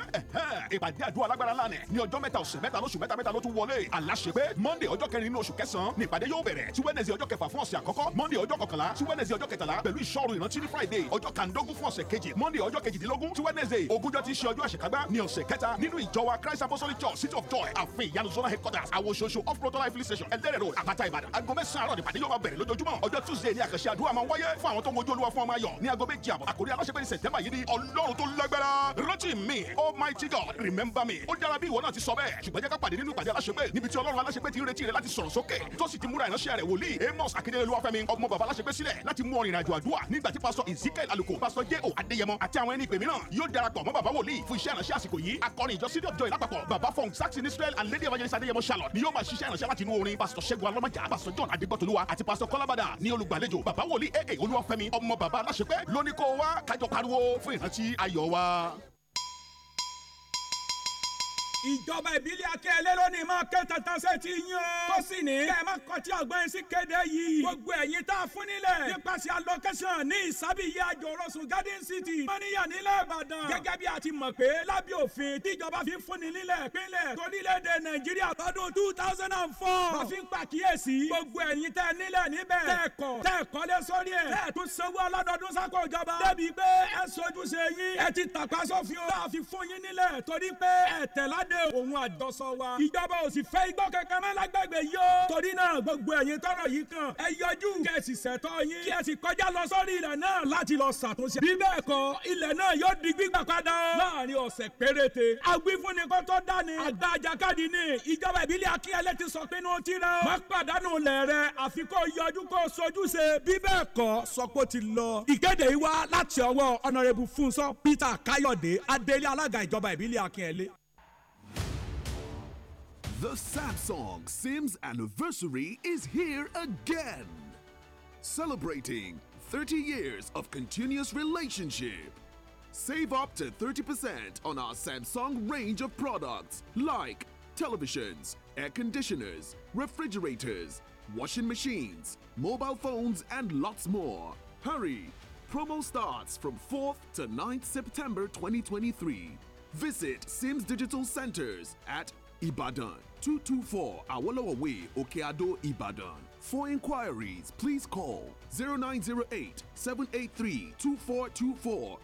[SPEAKER 24] ìpàdé àdúrà alágbára lánàá ní ọjọ́ mẹ́ta ọ̀sẹ̀ mẹ́ta lóṣù mẹ́ta mẹ́ta ló tún wọlé aláṣepé monday ọjọ́ kẹrin inú oṣù kẹsàn-án ní ìpàdé yóò bẹ̀rẹ̀ tí wednesday ọjọ́ kẹfà fún ọ̀sẹ̀ àkọ́kọ́ monday ọjọ́ kọkànlá tí wednesday ọjọ́ kẹtàlá pẹ̀lú ìṣọ́run ìrántí ní friday ọjọ́ kàndógún fún ọ̀sẹ̀ kejì monday ọjọ́ kejìdínlógún tí wednesday ogúnjọ́ ti ṣe ọjọ́ àṣekágbá ní ọ̀sẹ̀ kẹta nínú ìjọ wa christ apostolic church city of joy àfin ìyanu zona headquarters àwòṣoṣo off road life police station ẹlẹ́rẹ̀ road àpáta ìbàdàn aago mẹ́sàn-án àárọ̀ nípàdé yóò máa bẹ̀rẹ̀ lójoojúmọ́ ọjọ́ tuesday ní àkànṣe àdúrà máa wáyé fún àwọn tó ń wojú olúwa fún ọmọ ayọ̀ ní aago méjì àbọ̀ àkórí aláṣepé ní sẹ̀tẹ́mbà yìí di ọlọ́run tó lágbára rántí mi almighty god remember me ó dára bí ìwọ náà ti sọ bẹ́ẹ̀ ṣùgbọ́n jẹ́ ká pàdé nínú ìpàdé aláṣepé níbi tí ọlọ́run aláṣepé ti ń retí rẹ láti sọ̀rọ̀ sókè tó sì ti múra ìránṣẹ́ rẹ̀ wòlíì amos akíndélé olúwafẹ́mi ọmọ bàbá aláṣepé sílẹ̀ láti mú ọrìn ìrìnàjò àdúrà nígbà tí pásọ ezekiel aluko pásọ j o adéyẹmọ àti àwọn ẹni ìpè mìíràn yóò darapọ̀ mọ́ bàbá wòlíì fún iṣẹ́ ìránṣẹ́ àsìkò yìí akọrin ìjọ sídìí ọjọ́ ìlápapọ̀ bàbá fọn saxon israel and lady evangelist adéyẹmọ charlotte ni yóò máa ṣiṣẹ́ ìránṣẹ́ láti inú orin pásọ ṣẹ́gun alọ́mọjà pásọ john adégbòtolúwa àti pásọ kọ́lábàdà ní olùgbàlejò bàbá wòlíì aa olúwafẹ́mi ọmọ bàbá aláṣepé lóníkó wa kájọ pariwo
[SPEAKER 13] 阿七，哎呦哇。ìjọba ìbílẹ̀ akẹ́lẹ́ lónìí máa ké tantan ṣe ti yín o. tó sì ní. kẹ́ ẹ má kọtí ọgbọ́n yín sí kéde yìí. gbogbo ẹ̀yin tá a fún nílẹ̀. nípasẹ̀ allocation ní ìsábìyí àjòròsùn garden city. wọ́n níyàn nílẹ̀ ìbàdàn. gẹ́gẹ́ bí a ti mọ̀ pé lábẹ́ òfin tíjọba fi ń fúnni nílẹ̀ pínlẹ̀ torílẹ̀-èdè nàìjíríà lọ́dún two thousand and four. wọ́n fi ń pàkíyèsí. gbogbo ẹ̀yin tẹ́ nílẹ̀ níbẹ̀. tẹ́ kọ́ tẹ́ kọ́lé sórí ẹ̀. tẹ́ tún sanwó ọlọ́dọọdún sáko ìjọba. débi pé ẹ sojúṣe yín. ẹ ti tàpá sófin o. tá a fi fún yín nílẹ̀ torí pé ẹ tẹ̀ládé dé òun àjọsọ wa ìjọba ò sì fẹ́ igbó kankan mọ́ lágbègbè yìí o torí náà gbogbo ẹ̀yin tọ́rọ̀ yìí kan ẹ yọjú kẹ́ ẹ sì ṣẹ̀tọ́ yín kí ẹ sì kọjá lọ sórí ilẹ̀ náà láti lọ ṣàtúnṣe bí bẹ́ẹ̀ kọ́ ilẹ̀ náà yóò di gbígbà padà láàrin ọ̀sẹ̀ péréte agbífúnni kó tó dání àgbà àjàkadì ni ìjọba ìbílẹ̀ akínyẹlé ti sọ pé ní ti rẹ má pàdánù lẹ̀
[SPEAKER 16] The Samsung Sims anniversary is here again. Celebrating 30 years of continuous relationship. Save up to 30% on our Samsung range of products like televisions, air conditioners, refrigerators, washing machines, mobile phones, and lots more. Hurry! Promo starts from 4th to 9th September 2023. Visit Sims Digital Centers at Ibadan, 224 Awolowo Way, Okeado, Ibadan. For inquiries, please call 0908 783 2424,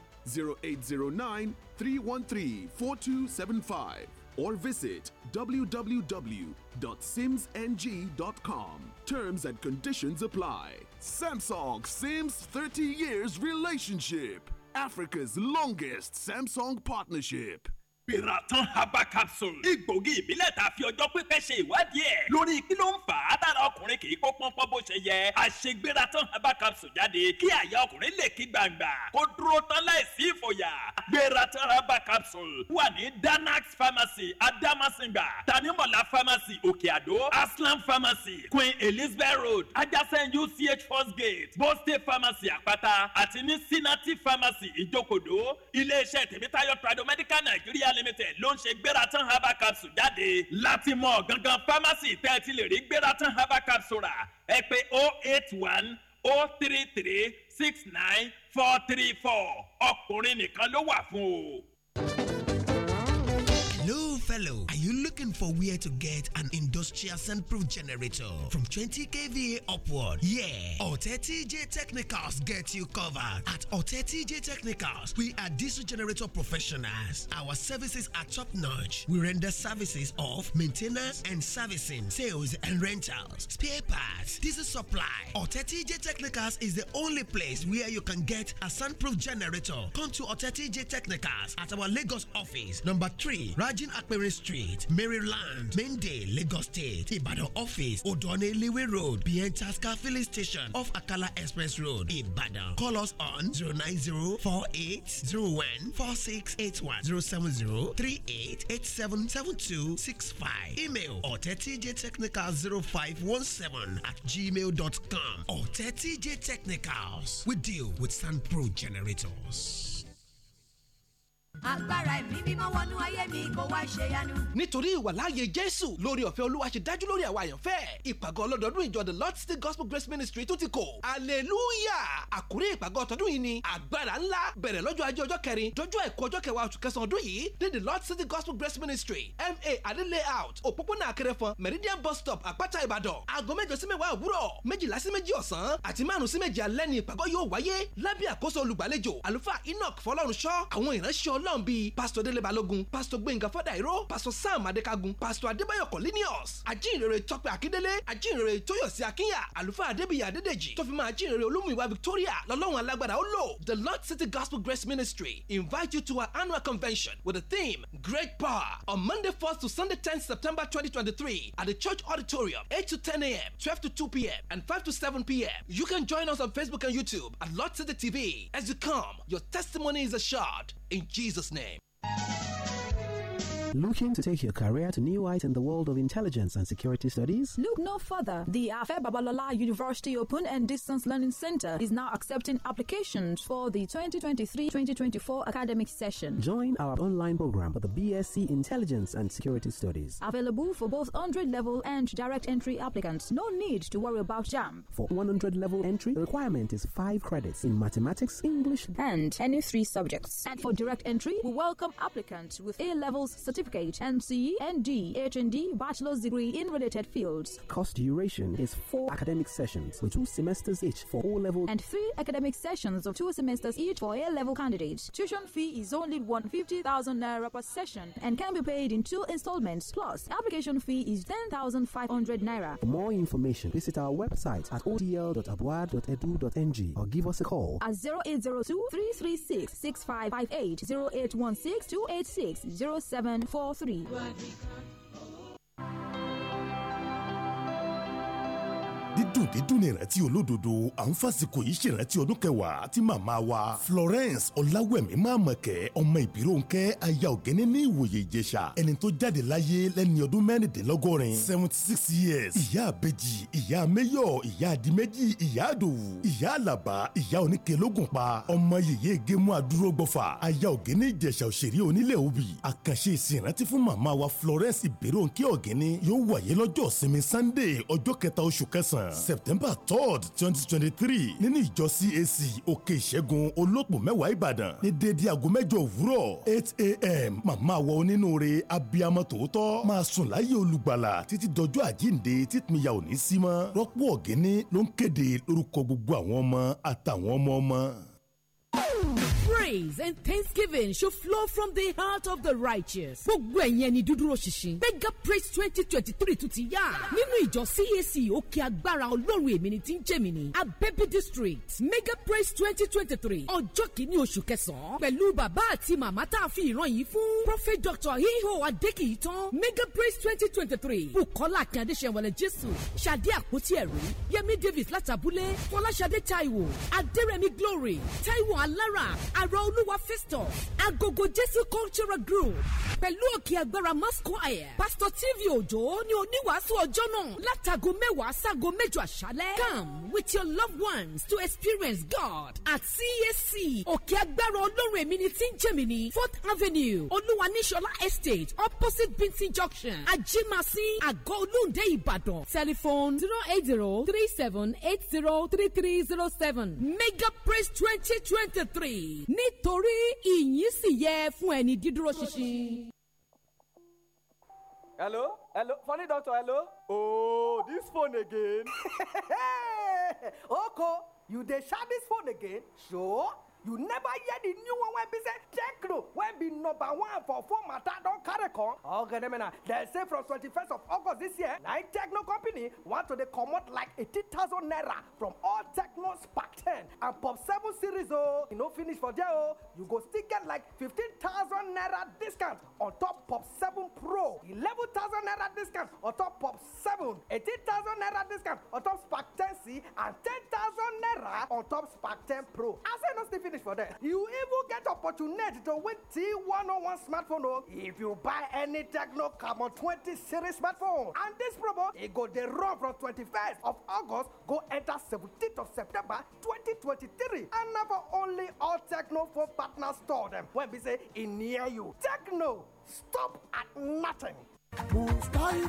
[SPEAKER 16] 0809 313 4275, or visit www.simsng.com. Terms and conditions apply. Samsung Sims 30 Years Relationship, Africa's longest Samsung partnership. Pìràtán herbal capsule. Igbògi ìbílẹ̀
[SPEAKER 13] tá a fi ọjọ́ pípẹ́ ṣe ìwádìí ẹ̀. Lórí kí ló ń fà á tára ọkùnrin kì í kó pọ́npọ́n bó ṣe yẹ. Àṣegbéra tán herbal capsule jáde kí àyà ọkùnrin lè kí gbangba. Kó dúró tán láìsí ìfòyà. Gbéra tán capsule wà ní Danax pharmacy Adamasinga. Tanimọ̀lá pharmacy Òkè Àdó. Aslam pharmacy Queen Elizabeth road adjacent UCH first gate. Bósté pharmacy Àpáta àti ní Sinati pharmacy Ìjókòdó. Ilé iṣẹ́ Tèmítáyọ̀ Prado Medical Nigeria limited ló ń ṣe gbératan herbal capsule jáde láti mọ gangan pharmacy tẹ́ ẹ ti lè rí gbératan herbal capsule rà ẹ pè oh eight one O oh three three six nine four three four ọkùnrin nìkan ló wà fún o.
[SPEAKER 10] Hello, fellow. Are you looking for where to get an industrial soundproof generator from 20 kVA upward? Yeah. Oteti Technicals get you covered. At Oteti Technicals, we are diesel generator professionals. Our services are top notch. We render services of maintenance and servicing, sales and rentals, spare parts, diesel supply. Oteti Technicals is the only place where you can get a soundproof generator. Come to Oteti Technicals at our Lagos office, number 3, Raj Imagine Aquarius Street, Maryland, Mende, Lagos State, Ibadan Office, Odone Lewe Road, Bientaska Filling Station, off Akala Express Road, Ibadan. Call us on 090-4801-4681-070-3887-7265. Email or 30jtechnical0517 at gmail.com or 30 Technicals. We deal with Sunpro generators.
[SPEAKER 9] agbára ẹ̀mí mímọ́ wọnú ayé mi kó wá ṣe yanu.
[SPEAKER 25] nítorí ìwàláàyè jésù lórí ọ̀fẹ́ olúwa ṣe dájú lórí àwa àyànfẹ́ ìpàgọ́ ọlọ́dọọdún ìjọ the lord state gospel grace ministry tún ti kò hallelujah àkórí ìpàgọ́ ọtọ́dún yìí ni agbára ńlá bẹ̀rẹ̀ lọ́jọ́ ajé ọjọ́ kẹrin dọ́jọ́ àìkú ọjọ́ kẹwàá oṣù kẹsàn-án ọdún yìí ní the lord city gospel grace ministry ma adé layout òpópónà akẹrẹfọn meridian bus stop àpáta ìbàdàn aago mẹ́jọ sí mẹ́wàá òwúrọ̀ méjìlá sí méjì ọ̀sán àti márùn sí méjì alẹ́ ni ìpàgọ́ yóò wáyé lábẹ́ àkóso olùgbàlejò àlùfáà enoch fọlọ́runṣọ́ àwọn ìránṣẹ́ ọl ọlọ́run bíi pásítọ̀ délé balógun pásítọ̀ gbẹ̀ngà fọ́dàìró pásítọ̀ sam adékagun pásítọ̀ adébáyọ̀ kọ́líníọ̀s ajínrere tọ́pẹ́ akíndélé ajínrere tóyọ̀sí akínyà àlùfáà adébíyì adédèjì tó fi máa ajínrere olúmúyìwá victoria lọ́lọ́run alágbára ó lò the lord city gospel grace ministry invite you to our annual convention with the theme great power on monday 1st to sunday tenth september 2023 at the church auditorium 8 to 10 a.m 12 to 2 p.m and 5 to 7 p.m you can join us on facebook and youtube at lord city tv as you come your testimony is assured in Jesus' name. Looking to take your career to new heights in the world of intelligence and security studies? Look
[SPEAKER 12] no further. The Afe Babalola University Open and Distance Learning Center is now accepting applications for the 2023-2024 academic session.
[SPEAKER 25] Join our online program for the BSc Intelligence and Security Studies.
[SPEAKER 12] Available for both 100 level and direct entry applicants. No need to worry about jam.
[SPEAKER 25] For 100
[SPEAKER 12] level entry, the requirement is 5 credits in mathematics, English, and any 3 subjects. And for direct entry, we welcome applicants with A levels certificate certificate, MC, ND, HND, bachelor's degree in related fields.
[SPEAKER 25] Course duration is four academic sessions with two
[SPEAKER 6] semesters each for O level
[SPEAKER 12] and three academic sessions of two semesters each for A level candidates. Tuition fee is only 150,000 naira per session and can be paid in two installments. Plus, application fee is 10,500 naira.
[SPEAKER 25] For more information, visit our website at odl.abuad.edu.ng or give us a call
[SPEAKER 12] at 0802 336 6558 0816 286 07 Four, three.
[SPEAKER 17] dídùn dídùn ìrántí olódodo à ń fàsìkò yìí ṣèrántí ọdún kẹwàá tí màmá wa Florence Ọláwẹ̀mí Màmọ̀kẹ́ ọmọ Ìbíròǹkẹ́ aya Ògẹ́nẹ́ ní ìwòye Ìjẹ̀ṣà ẹni tó jáde láyé lẹ́ni ọdún mẹ́rìndínlọ́gọ́rin seventy six years ìyá àbẹ́jì ìyá mẹ́yọ̀ ìyá àdìmẹ́jì ìyá àdòwù ìyá àlàbà ìyá oníkelógún pa ọmọ yèyé gẹ́mú àdúrógbọ̀fà aya Ògẹ́nẹ́ Ìjẹ̀ṣà òṣèré onílẹ̀ obì àkànṣe ìsìnrántí fún màmá wa Florence Ìbíròǹkẹ́ Ògẹ́nẹ́ yóò wáyé lọ́jọ́ ìsinmi Sunday ọjọ́ kẹta oṣù kẹsàn september third twenty twenty three nínú ìjọ cac òkè ìṣẹ́gun olóòpó mẹ́wàá ìbàdàn ní déédé aago mẹ́jọ òwúrọ̀ eight a.m. màmá wa onínúure abiyamọ tòótọ́ máa sùn láyé olùgbàlà títí dọjọ́ àjíǹde títúnyà òní símọ́ rọ́pò ọ̀gẹ́ni ló ń kéde lórúkọ gbogbo àwọn ọmọ àtàwọn ọmọ ọmọ
[SPEAKER 8] praise and thanksgiving should flow from the heart of the righteous. gbogbo ẹ̀yin ẹni dúdúró ṣinṣin mega praise twenty twenty three tún ti yá nínú ìjọ CAC òkè agbára ọlọ́run èmi ni ti ń jẹ́ mi ni Abẹ́bí district mega praise twenty twenty three ọjọ́ kìíní oṣù kẹsàn-án pẹ̀lú bàbá àti màmá tá a fi ìran yìí fún prophet dr iho adekiyi tán mega praise twenty twenty three bukola akande ṣẹ̀wọ̀lẹ̀ jésù ṣadé àpótí ẹ̀rí yẹmi davis látàbúlé fọláṣadé taiwo adérẹ̀mí glory taiwo alára arọ ọ̀rọ̀ olúwa fẹ́sítọ̀ agogo jésù cultural group pẹ̀lú òkè agbára masquire pásítọ̀ tv òjò ní oníwàásù ọjọ́ náà látago mẹ́wàá ságo mẹ́jọ àṣálẹ́ come with your loved ones to experience god at cac òkè agbára ọlọ́run èmi ni tí ń jẹ́ mi ní fourth avenue olúwa níṣọlá estate opposite Binti junction ajimasi àgọ́ olóńdé ìbàdàn telephone zero eight zero three seven eight zero three three zero seven mega praise twenty twenty three ní nítorí ìyìn sì yẹ fún ẹni dídúró ṣinṣin.
[SPEAKER 13] hello hello funny doctor hello oh this phone again.
[SPEAKER 25] oko you dey share this phone again sure you never hear the new one when be say techno when be number one for phone matter don carry come. ọ̀gẹ̀dẹ̀ mẹ́na dem say from twenty-first of august this year na techno company want to dey comot like eighty thousand naira from all techno spark ten and pop seven series o. Oh. e no finish for there o oh. you go still get like fifteen thousand naira discount on top pop seven pro eleven thousand naira discount on top pop seven eighteen thousand naira discount on top spark ten c and ten thousand naira on top spark ten pro. as e no still finish. for that. You even get opportunity to win T101 smartphone oh. if you buy any Techno Carbon 20 series smartphone. And this promo, it go the run from 21st of August, go enter 17th of September 2023. And never only all Techno phone partners store them when we say in near you. Techno, stop at nothing.